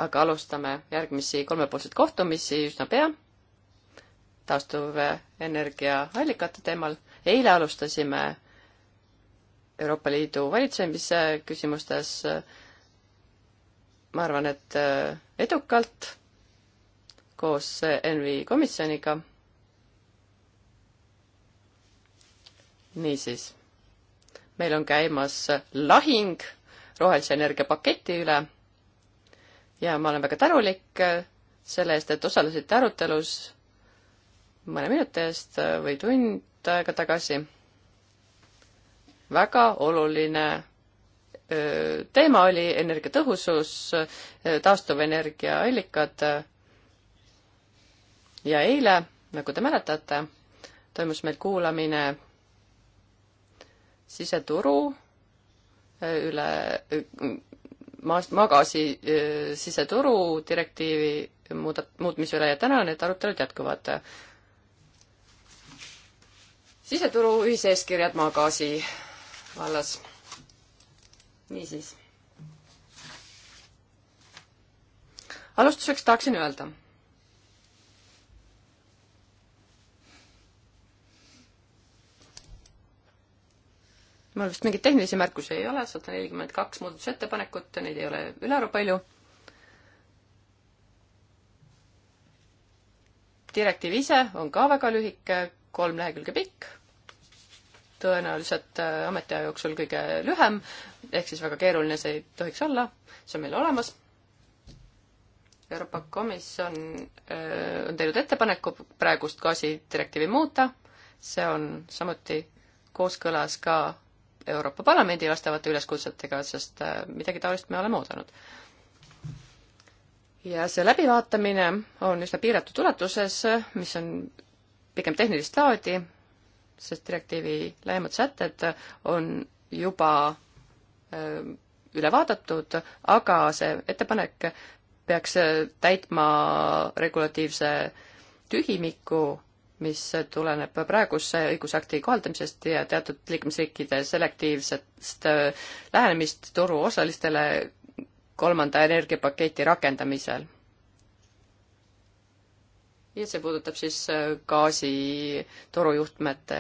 aga alustame järgmisi kolmepoolseid kohtumisi üsna pea taastuvenergiaallikate teemal. eile alustasime Euroopa Liidu valitsemise küsimustes, ma arvan, et äh, edukalt koos ENVI komisjoniga. niisiis, meil on käimas lahing rohelise energia paketi üle ja ma olen väga tänulik selle eest, et osalesite arutelus mõne minuti eest või tund aega tagasi. väga oluline teema oli energiatõhusus, taastuvenergiaallikad ja eile, nagu te mäletate, toimus meil kuulamine siseturu äh, üle äh, maast, maagaasi äh, siseturu direktiivi muudat-, muutmise üle ja täna need arutelud jätkuvad. siseturu ühiseeskirjad maagaasi vallas. niisiis. alustuseks tahaksin öelda mul vist mingeid tehnilisi märkusi ei ole, sada nelikümmend kaks muudatusettepanekut, neid ei ole ülearu palju. direktiiv ise on ka väga lühike, kolm lehekülge pikk, tõenäoliselt äh, ametiaja jooksul kõige lühem, ehk siis väga keeruline see ei tohiks olla, see on meil olemas. Euroopa Komisjon äh, on teinud ettepaneku praegust gaasidirektiivi muuta, see on samuti kooskõlas ka Euroopa Parlamendi vastavate üleskutsetega, sest äh, midagi taolist me oleme oodanud. ja see läbivaatamine on üsna piiratud ulatuses, mis on pigem tehnilist laadi, sest direktiivi lähemad sätted on juba äh, üle vaadatud, aga see ettepanek peaks täitma regulatiivse tühimiku mis tuleneb praeguse õigusakti kohaldamisest ja teatud liikmesriikide selektiivsest äh, lähenemist turuosalistele kolmanda energiapaketi rakendamisel. ja see puudutab siis äh, gaasitorujuhtmete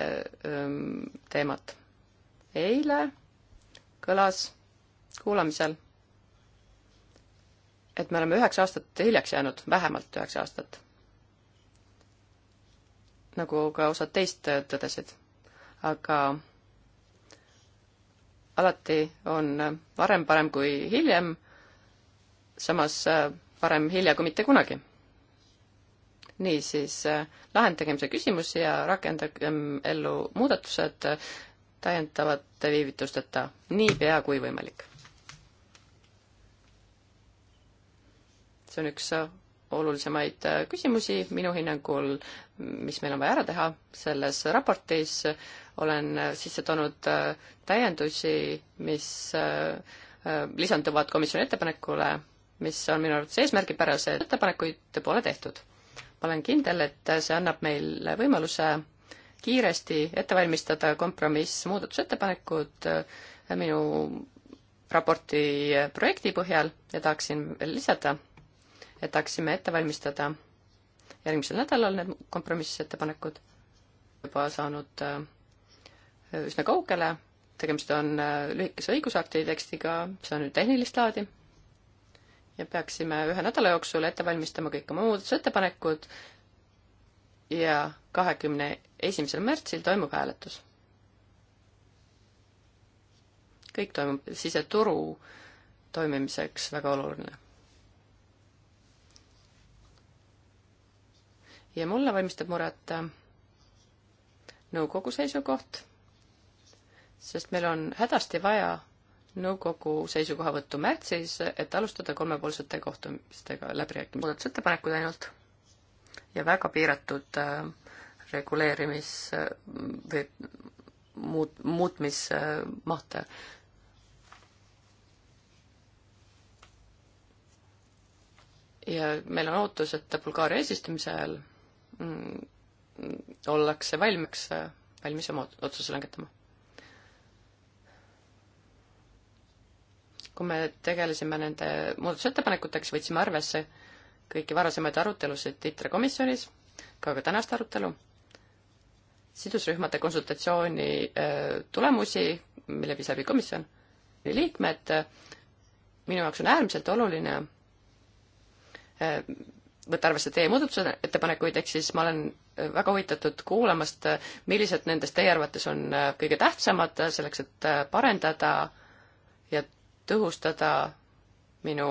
ähm, teemat. eile kõlas kuulamisel, et me oleme üheksa aastat hiljaks jäänud, vähemalt üheksa aastat nagu ka osad teist tõdesid. aga alati on varem parem kui hiljem, samas parem hilja kui mitte kunagi. niisiis, äh, lahendagem see küsimus ja rakendagem ellu muudatused täiendavate viivitusteta niipea kui võimalik. see on üks äh, olulisemaid äh, küsimusi minu hinnangul, mis meil on vaja ära teha selles raportis, olen äh, sisse toonud äh, täiendusi, mis lisanduvad komisjoni ettepanekule, mis on minu arvates eesmärgipärased, ettepanekuid pole tehtud. ma olen kindel, et see annab meile võimaluse kiiresti ette valmistada kompromissmuudatusettepanekud minu raporti projekti põhjal ja tahaksin veel lisada, jätaksime ette valmistada järgmisel nädalal need kompromissettepanekud juba saanud äh, üsna kaugele, tegemist on äh, lühikese õigusakti tekstiga, see on nüüd tehnilist laadi, ja peaksime ühe nädala jooksul ette valmistama kõik oma muudatusettepanekud ja kahekümne esimesel märtsil toimub hääletus. kõik toimub siseturu toimimiseks väga oluline ja mulle valmistab muret äh, nõukogu seisukoht, sest meil on hädasti vaja nõukogu seisukohavõttu märtsis, et alustada kolmepoolsete kohtumistega läbirääkimisi. muudatusettepanekud ainult ja väga piiratud äh, reguleerimis- äh, või muut-, muutmismahte äh,. ja meil on ootus, et Bulgaaria eesistumise ajal Mm, ollakse valmiks, valmis oma otsuse langetama. kui me tegelesime nende muudatusettepanekutega, siis võtsime arvesse kõiki varasemaid arutelusid ITRE komisjonis, ka ka tänast arutelu, sidusrühmade konsultatsiooni äh, tulemusi, mille viis läbi komisjon, liikmed, äh, minu jaoks on äärmiselt oluline äh, võtta arvesse teie muudatusettepanekuid, ehk siis ma olen äh, väga huvitatud kuulamast, äh, millised nendest teie arvates on äh, kõige tähtsamad selleks, et parendada ja tõhustada minu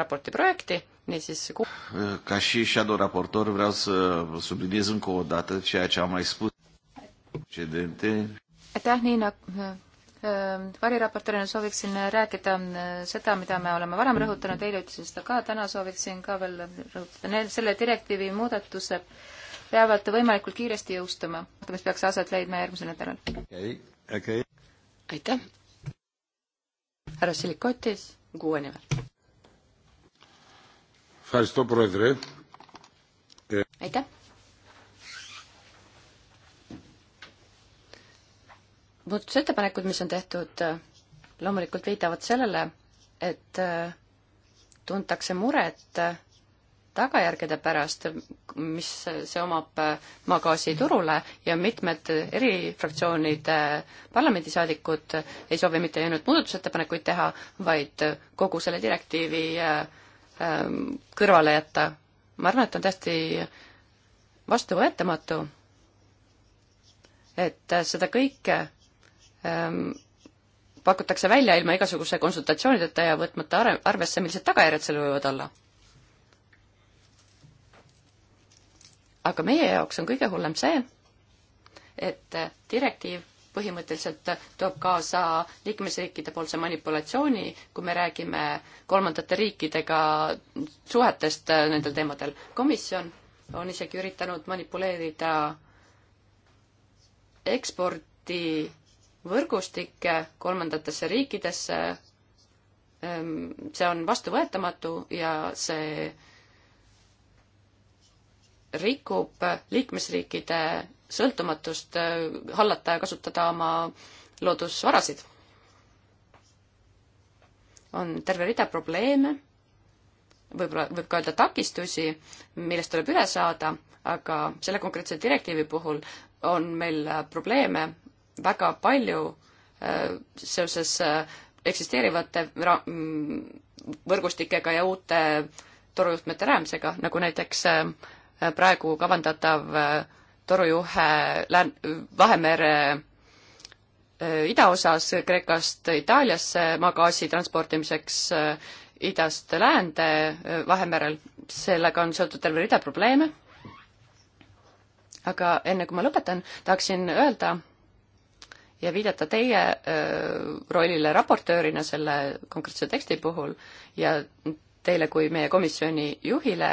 raporti projekti, niisiis ku-. Ca și shadow raportor vreau să subliniez încă o dată ceea ce am mai spus precedente. aitäh, Niina, Ehm, variraportorina sooviksin rääkida eh, seda, mida me oleme varem rõhutanud, eile ütlesin seda ka, täna sooviksin ka veel rõhutada, selle direktiivi muudatused peavad võimalikult kiiresti jõustuma, mis peaks aset leidma järgmisel nädalal okay,. Okay. aitäh. härra Silikotis, kuue nimel. aitäh. muudatusettepanekud, mis on tehtud, loomulikult viitavad sellele, et äh, tuntakse muret äh, tagajärgede pärast, mis see omab äh, maagaasiturule ja mitmed eri fraktsioonide parlamendisaadikud ei soovi mitte ainult muudatusettepanekuid teha, vaid kogu selle direktiivi ähm, kõrvale jätta. ma arvan, et on täiesti vastuvõetamatu, et seda kõike Ehm, pakutakse välja ilma igasuguse konsultatsioonideta ja võtmata are-, arvesse, millised tagajärjed sellel võivad olla. aga meie jaoks on kõige hullem see, et eh, direktiiv põhimõtteliselt toob kaasa liikmesriikide poolse manipulatsiooni, kui me räägime kolmandate riikidega suhetest eh, nendel teemadel. komisjon on isegi üritanud manipuleerida ekspordi võrgustikke kolmandatesse riikidesse, ehm, see on vastuvõetamatu ja see rikub liikmesriikide sõltumatust eh, hallata ja kasutada oma loodusvarasid. on terve rida probleeme, võib-olla võib ka öelda takistusi, millest tuleb üle saada, aga selle konkreetse direktiivi puhul on meil probleeme väga palju äh, seoses äh, eksisteerivate mm, võrgustikega ja uute torujuhtmete rajamisega, nagu näiteks äh, praegu kavandatav torujuhe Lään-, Vahemere idaosas Kreekast Itaaliasse maagaasi transportimiseks idast läände Vahemerel, sellega on seotud terve rida probleeme. aga enne kui ma lõpetan, tahaksin öelda, ja viidata teie rollile raportöörina selle konkreetse teksti puhul ja teile kui meie komisjoni juhile,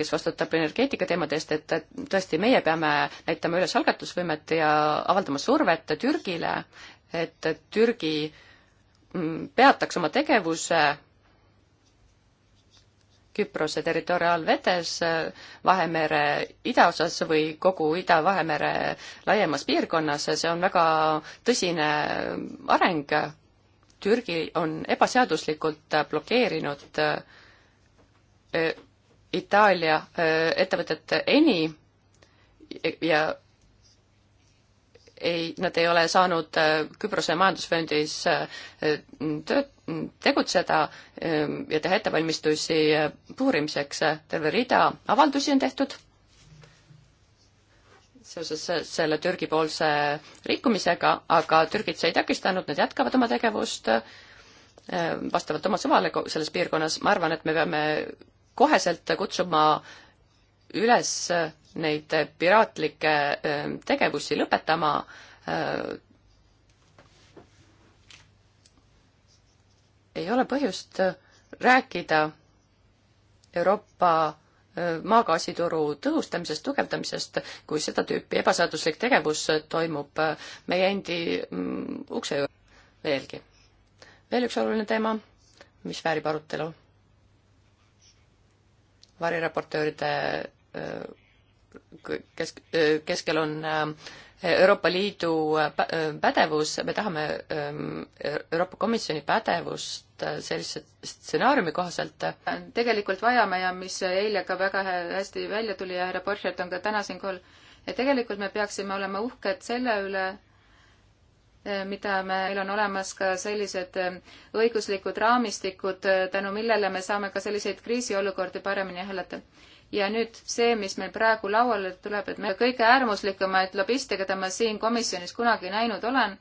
kes vastutab energeetika teemade eest, et tõesti, meie peame näitama üles algatusvõimet ja avaldama survet Türgile, et Türgi mm, peataks oma tegevuse Küprose territoriaalvetes äh, Vahemere idaosas või kogu Ida-Vahemere laiemas piirkonnas, see on väga tõsine äh, areng. Türgi on ebaseaduslikult äh, blokeerinud Itaalia ettevõtet ENI ja ei, nad ei ole saanud äh, Küprose majandusfondis äh, töö, tegutseda ähm, ja teha ettevalmistusi äh, puurimiseks. terve rida avaldusi on tehtud seoses selle Türgi-poolse rikkumisega, aga Türgit see ei takistanud, nad jätkavad oma tegevust vastavalt oma suvale selles piirkonnas. ma arvan, et me peame koheselt kutsuma üles neid eh, piraatlikke eh, tegevusi lõpetama. Eh, ei ole põhjust rääkida Euroopa maagaasituru tõhustamisest, tugevdamisest, kui seda tüüpi ebaseaduslik tegevus toimub meie endi mm, ukse juurde veelgi. veel üks oluline teema, mis väärib arutelu. variraportööride kesk, keskel on äh, Euroopa Liidu äh, äh, pädevus, me tahame ähm, Euroopa Komisjoni pädevust sellise stsenaariumi kohaselt. tegelikult vajame ja mis eile ka väga hästi välja tuli ja härra Borchert on ka täna siinkohal, et tegelikult me peaksime olema uhked selle üle, mida me, meil on olemas ka sellised õiguslikud raamistikud, tänu millele me saame ka selliseid kriisiolukordi paremini hallata ja nüüd see, mis meil praegu lauale tuleb, et me kõige äärmuslikumaid lobiste, keda ma siin komisjonis kunagi näinud olen,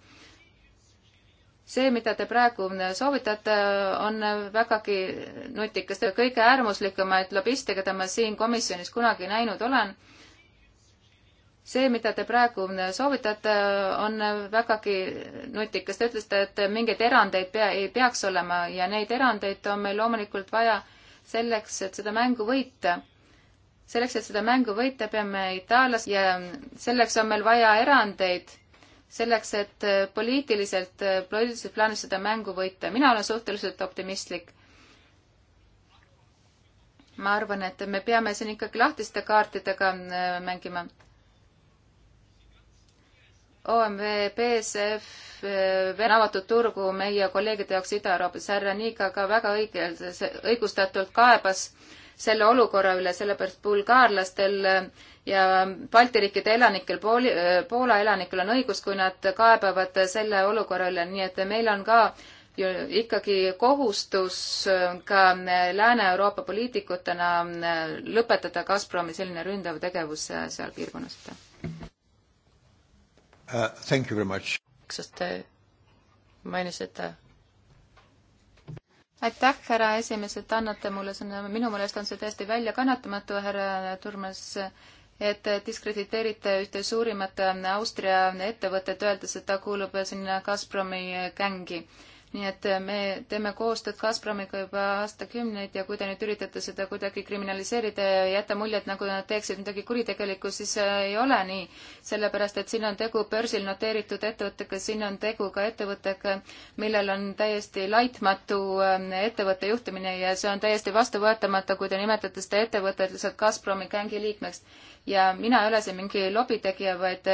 see, mida te praegu soovitate, on vägagi nutikas. kõige äärmuslikumaid lobiste, keda ma siin komisjonis kunagi näinud olen, see, mida te praegu soovitate, on vägagi nutikas. Te ütlesite, et mingeid erandeid pea, ei peaks olema ja neid erandeid on meil loomulikult vaja selleks, et seda mängu võita selleks, et seda mängu võita, peame itaallas- ja selleks on meil vaja erandeid, selleks, et äh, poliitiliselt, äh, poliitilises plaanis seda mängu võita. mina olen suhteliselt optimistlik. ma arvan, et me peame siin ikkagi lahtiste kaartidega äh, mängima. OMV, BSF, Vene avatud turgu meie kolleegide jaoks Ida-Euroopas, härra Niiga ka väga õigelt, õigustatult kaebas äh, selle olukorra üle, sellepärast bulgaarlastel ja Balti riikide elanikel, Pooli, Poola elanikel on õigus, kui nad kaebavad selle olukorra üle, nii et meil on ka ju ikkagi kohustus ka Lääne-Euroopa poliitikutena lõpetada Gazpromi selline ründav tegevus seal piirkonnas uh,. Thank you very much. kas te mainisite aitäh, härra esimees, et annate mulle sõna, minu meelest on see täiesti väljakannatamatu, härra Turmas, et diskrediteerite ühte suurimat Austria ettevõtet, öeldes, et ta kuulub sinna Gazpromi gängi nii et eh, me teeme koostööd Gazpromiga juba aastakümneid ja kui te nüüd üritate seda kuidagi kriminaliseerida ja jätta muljet, nagu nad teeksid midagi kuritegelikku, siis eh, ei ole nii. sellepärast, et siin on tegu börsil noteeritud ettevõttega, siin on tegu ka ettevõttega, millel on täiesti laitmatu eh, ettevõtte juhtimine ja see on täiesti vastuvõetamatu, kui te nimetate seda ettevõtet lihtsalt Gazpromi gängi liikmeks. ja mina ei ole siin mingi lobitegija, vaid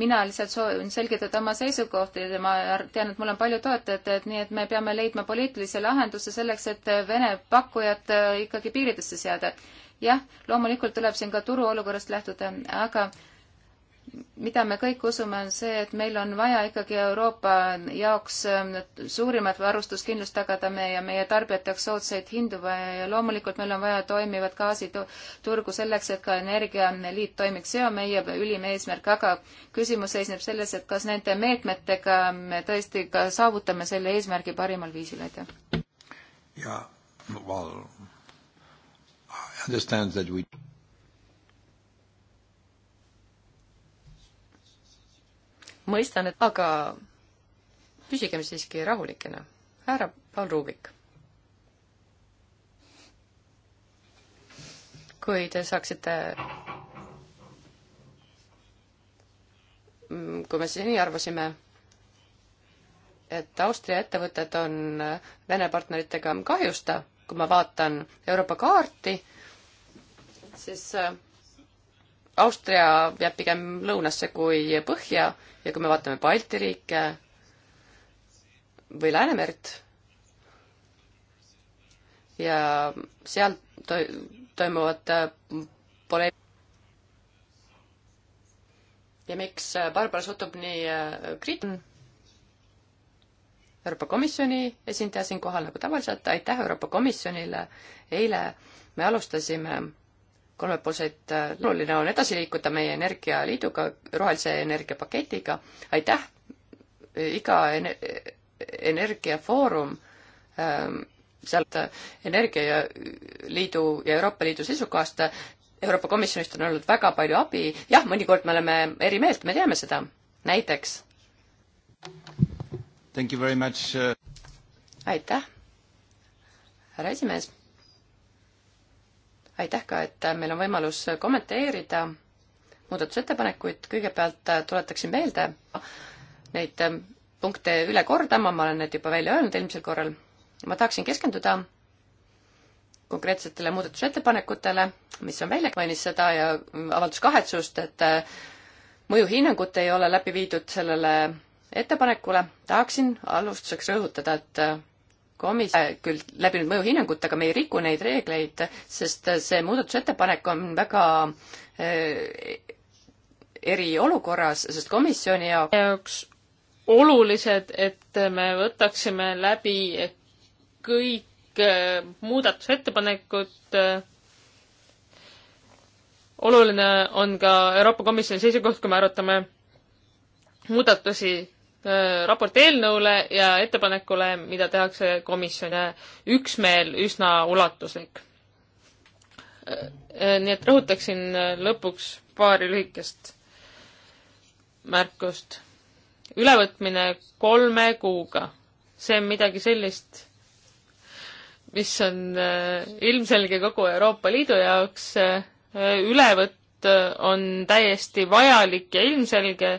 mina lihtsalt soovin selgitada oma seisukohti ja ma tean, et mul on palju toetajat, nii et me peame leidma poliitilise lahenduse selleks, et Vene pakkujad äh, ikkagi piiridesse seada. jah, loomulikult tuleb siin ka turuolukorrast lähtuda, aga mida me kõik usume, on see, et meil on vaja ikkagi Euroopa jaoks ähm, suurimat varustuskindlust tagada me ja meie tarbijad peaks soodsaid hindu ja loomulikult meil on vaja toimivat gaasiturgu selleks, et ka energialiit toimiks, see on meie ülim eesmärk, aga küsimus seisneb selles, et kas nende meetmetega me tõesti ka saavutame selle eesmärgi parimal viisil, aitäh. jaa, well, I understand that we mõistan, et aga püsigem siiski rahulikena. härra Paul Ruubik. kui te saaksite mm, kui me seni arvasime, et Austria ettevõtted on äh, Vene partneritega kahjusta, kui ma vaatan Euroopa kaarti, siis äh, Austria jääb pigem lõunasse kui põhja ja kui me vaatame Balti riike või Läänemerd ja seal to-, toimuvad äh, pole- ja miks Barbara suhtub nii äh, kriit-, Euroopa Komisjoni esindaja siinkohal nagu tavaliselt, aitäh Euroopa Komisjonile, eile me alustasime kolmepoolseid, äh, oluline on edasi liikuda meie energialiiduga, rohelise energiapaketiga, aitäh, iga ener-, energiafoorum ähm, sealt äh, Energialiidu ja Euroopa Liidu seisukohast äh, Euroopa Komisjonist on olnud väga palju abi, jah, mõnikord me oleme eri meelt, me teame seda, näiteks. aitäh, härra esimees aitäh ka, et meil on võimalus kommenteerida muudatusettepanekuid, kõigepealt äh, tuletaksin meelde neid ähm, punkte üle kordama, ma olen need juba välja öelnud eelmisel korral, ma tahaksin keskenduda konkreetsetele muudatusettepanekutele, mis on välja, mainis seda ja mm, avaldas kahetsust, et äh, mõjuhinnangut ei ole läbi viidud sellele ettepanekule, tahaksin alustuseks rõhutada, et äh, komis-, küll läbinud mõjuhinnangutega, me ei riku neid reegleid, sest see muudatusettepanek on väga eh, eriolukorras, sest komisjoni jaoks olulised, et me võtaksime läbi kõik eh, muudatusettepanekud. oluline on ka Euroopa Komisjoni seisukoht, kui me arutame muudatusi Äh, raporti eelnõule ja ettepanekule, mida tehakse komisjoni, üksmeel üsna ulatuslik. Äh, äh, nii et rõhutaksin lõpuks paari lühikest märkust. ülevõtmine kolme kuuga, see on midagi sellist, mis on ilmselge kogu Euroopa Liidu jaoks, ülevõtt on täiesti vajalik ja ilmselge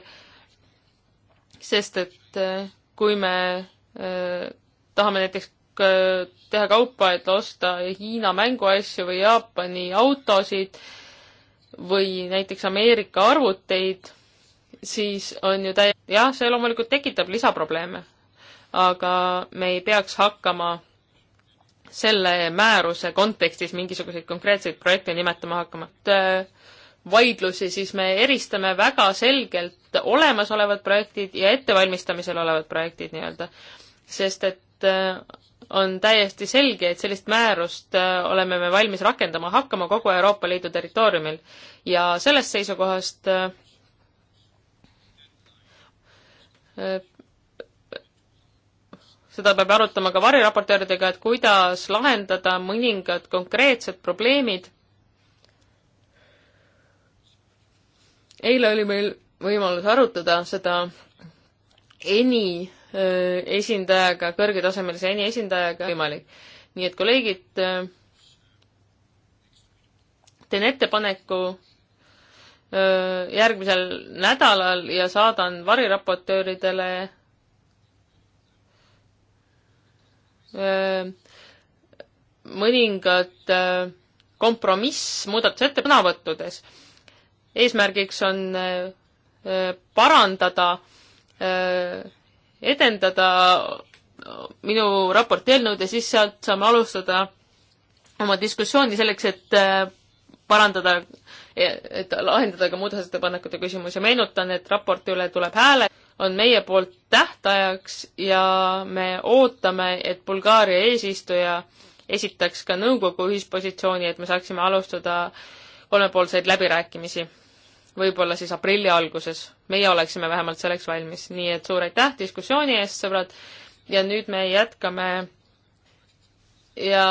sest et äh, kui me äh, tahame näiteks äh, teha kaupa, et osta Hiina mänguasju või Jaapani autosid või näiteks Ameerika arvuteid, siis on ju täi-, jah, see loomulikult tekitab lisaprobleeme. aga me ei peaks hakkama selle määruse kontekstis mingisuguseid konkreetseid projekte nimetama hakkama. et vaidlusi, siis me eristame väga selgelt olemasolevad projektid ja ettevalmistamisel olevad projektid nii-öelda. sest et äh, on täiesti selge, et sellist määrust äh, oleme me valmis rakendama hakkama kogu Euroopa Liidu territooriumil ja sellest seisukohast äh, seda peab arutama ka variraportööridega, et kuidas lahendada mõningad konkreetsed probleemid, eile oli meil võimalus arutada seda ENI äh, esindajaga, kõrgetasemelise ENI esindajaga võimalik. nii et kolleegid, äh, teen ettepaneku äh, järgmisel nädalal ja saadan variraportööridele mõningad kompromiss muudatusettepanekutes eesmärgiks on äh, äh, parandada, äh, edendada minu raporti eelnõud ja siis sealt saame alustada oma diskussiooni selleks, et parandada, et lahendada ka muudatusettepanekute küsimusi. meenutan, et raporti üle tuleb hääle, on meie poolt tähtajaks ja me ootame, et Bulgaaria eesistuja esitaks ka nõukogu ühispositsiooni, et me saaksime alustada kolmepoolseid läbirääkimisi võib-olla siis aprilli alguses. meie oleksime vähemalt selleks valmis, nii et suur aitäh diskussiooni eest, sõbrad, ja nüüd me jätkame ja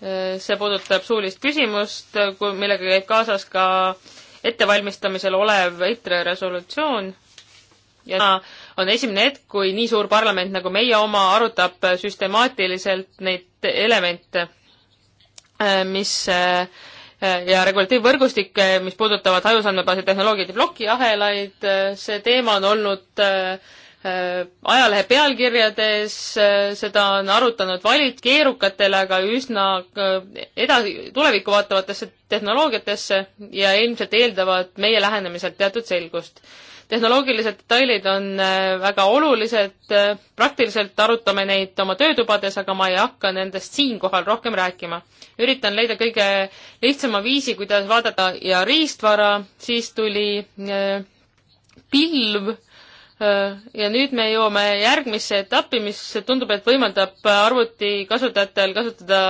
e, see puudutab suulist küsimust, millega käib kaasas ka ettevalmistamisel olev EITRE resolutsioon ja on esimene hetk, kui nii suur parlament nagu meie oma arutab süstemaatiliselt neid elemente, e, mis e, ja regulatiivvõrgustikke, eh, mis puudutavad hajusandmebaasi tehnoloogiaid ja plokiahelaid. Eh, see teema on olnud eh, ajalehe pealkirjades, seda on arutanud valid keerukatele, aga üsna edasi, tulevikku vaatavatesse tehnoloogiatesse ja ilmselt eeldavad meie lähenemiselt teatud selgust tehnoloogilised detailid on äh, väga olulised, äh, praktiliselt arutame neid oma töötubades, aga ma ei hakka nendest siinkohal rohkem rääkima. üritan leida kõige lihtsama viisi, kuidas vaadata ja riistvara, siis tuli äh, pilv ja nüüd me jõuame järgmisse etappi, mis tundub, et võimaldab arvutikasutajatel kasutada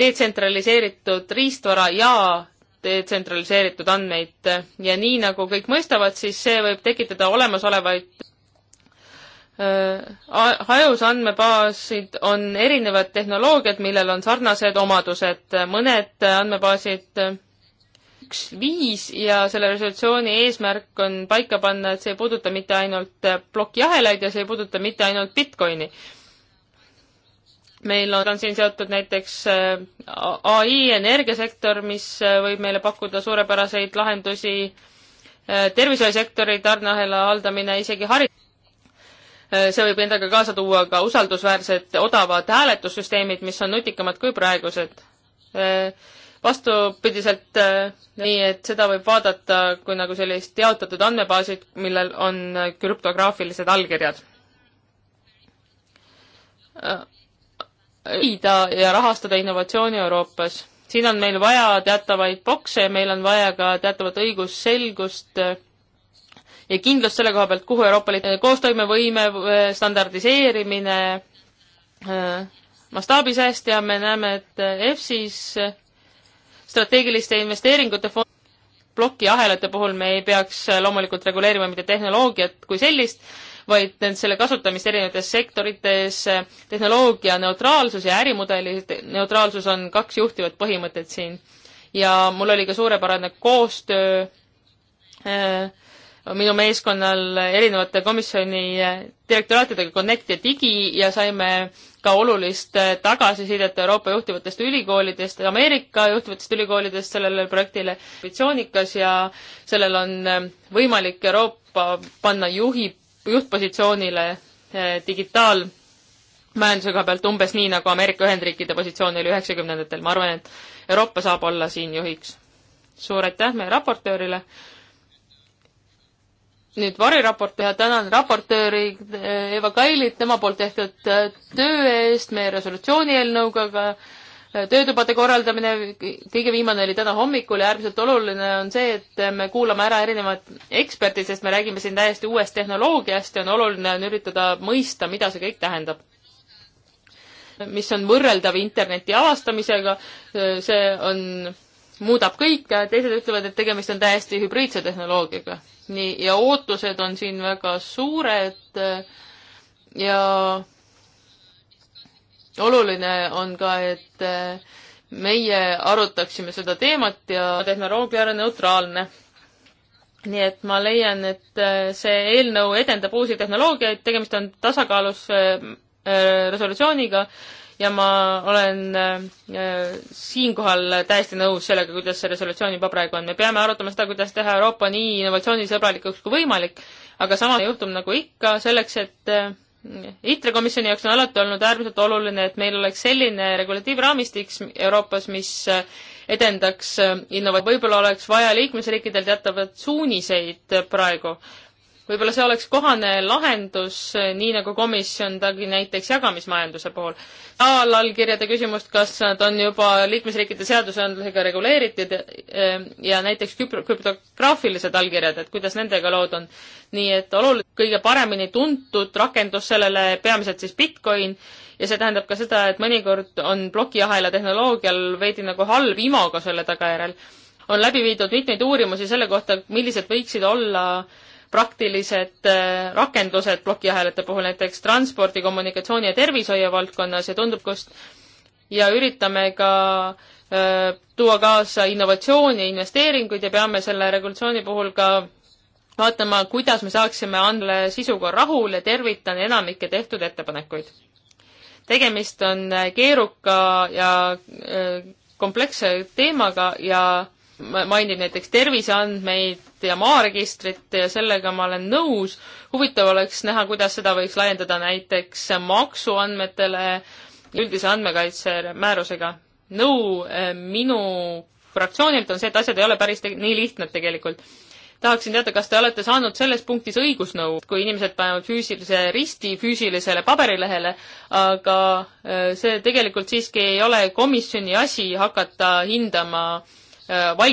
detsentraliseeritud riistvara ja detsentraliseeritud andmeid ja nii nagu kõik mõistavad, siis see võib tekitada olemasolevaid hajus andmebaasid on erinevad tehnoloogiad, millel on sarnased omadused, mõned andmebaasid üks viis ja selle resolutsiooni eesmärk on paika panna, et see ei puuduta mitte ainult plokiahelaid ja see ei puuduta mitte ainult Bitcoini meil on, on siin seotud näiteks äh, ai energiasektor, mis äh, võib meile pakkuda suurepäraseid lahendusi, äh, tervishoiusektori tarneahela haldamine, isegi hari-, see võib endaga kaasa tuua ka usaldusväärsed odavad hääletussüsteemid, mis on nutikamad kui praegused. vastupidiselt nii, et seda võib vaadata kui nagu sellist jaotatud andmebaasid, millel on krüptograafilised allkirjad leida ja rahastada innovatsiooni Euroopas. siin on meil vaja teatavaid bokse ja meil on vaja ka teatavat õigusselgust ja kindlust selle koha pealt, kuhu Euroopa Liit, koostoimevõime, standardiseerimine, äh, mastaabisäästja, me näeme, et EFSis strateegiliste investeeringute fond-, plokiahelate puhul me ei peaks loomulikult reguleerima mitte tehnoloogiat kui sellist, vaid selle kasutamist erinevates sektorites, tehnoloogia neutraalsus ja ärimudeli neutraalsus on kaks juhtivat põhimõtet siin. ja mul oli ka suurepärane koostöö äh, minu meeskonnal erinevate komisjoni äh, direktoraatidega Connect ja Digi ja saime ka olulist äh, tagasisidet Euroopa juhtivatest ülikoolidest, Ameerika juhtivatest ülikoolidest sellele projektile ambitsioonikas ja sellel on võimalik Euroopa panna juhi juhtpositsioonile eh, digitaalmajanduse koha pealt umbes nii, nagu Ameerika Ühendriikide positsioon oli üheksakümnendatel, ma arvan, et Euroopa saab olla siin juhiks. suur aitäh meie raportöörile, nüüd variraport teha, tänan raportööri eh, Eva Kailit tema poolt tehtud eh, töö eest meie resolutsiooni eelnõuga, aga töötubade korraldamine, kõige viimane oli täna hommikul ja äärmiselt oluline on see, et me kuulame ära erinevad eksperdid, sest me räägime siin täiesti uuest tehnoloogiast ja on oluline on üritada mõista, mida see kõik tähendab mis on võrreldav interneti avastamisega, see on, muudab kõike, teised ütlevad, et tegemist on täiesti hübriidse tehnoloogiaga. nii, ja ootused on siin väga suured ja oluline on ka, et eh, meie arutaksime seda teemat ja tehnoloogia on neutraalne. nii et ma leian, et eh, see eelnõu edendab uusi tehnoloogiaid, tegemist on tasakaalus eh, resolutsiooniga ja ma olen äh, siinkohal täiesti nõus sellega, kuidas see resolutsioon juba praegu on. me peame arutama seda, kuidas teha Euroopa nii innovatsioonisõbralikuks kui võimalik, aga sama juhtub nagu ikka, selleks et äh, ITRE komisjoni jaoks on alati olnud äärmiselt oluline, et meil oleks selline regulatiivraamistik Euroopas, mis äh, edendaks äh, innova-, võib-olla oleks vaja liikmesriikidel teatavaid suuniseid praegu, võib-olla see oleks kohane lahendus, eh, nii nagu komisjon tagi näiteks jagamismajanduse puhul. allallkirjade küsimust, kas nad on juba liikmesriikide seadusandlusega reguleeritud ja, eh, ja näiteks küp-, krüptograafilised allkirjad, et kuidas nendega lood on. nii et oluliselt kõige paremini tuntud rakendus sellele, peamiselt siis Bitcoin, ja see tähendab ka seda, et mõnikord on plokiahela tehnoloogial veidi nagu halb imago selle tagajärjel on läbi viidud mitmeid uurimusi selle kohta, millised võiksid olla praktilised äh, rakendused plokiahelate puhul, näiteks transpordi, kommunikatsiooni ja tervishoiu valdkonnas ja tundub, kus ja üritame ka öö, äh, tuua kaasa innovatsiooni, investeeringuid ja peame selle regulatsiooni puhul ka vaatama, kuidas me saaksime andle sisuga rahule, tervitan enamikke tehtud ettepanekuid. tegemist on äh, keeruka ja kompleksse teemaga ja mainib näiteks terviseandmeid ja maaregistrit ja sellega ma olen nõus. huvitav oleks näha, kuidas seda võiks laiendada näiteks maksuandmetele üldise andmekaitse määrusega. nõu eh, minu fraktsioonilt on see, et asjad ei ole päris nii lihtnad tegelikult tahaksin teada, kas te olete saanud selles punktis õigusnõu, kui inimesed panevad füüsilise risti füüsilisele paberilehele, aga eh, see tegelikult siiski ei ole komisjoni asi hakata hindama äh, Äh, valimised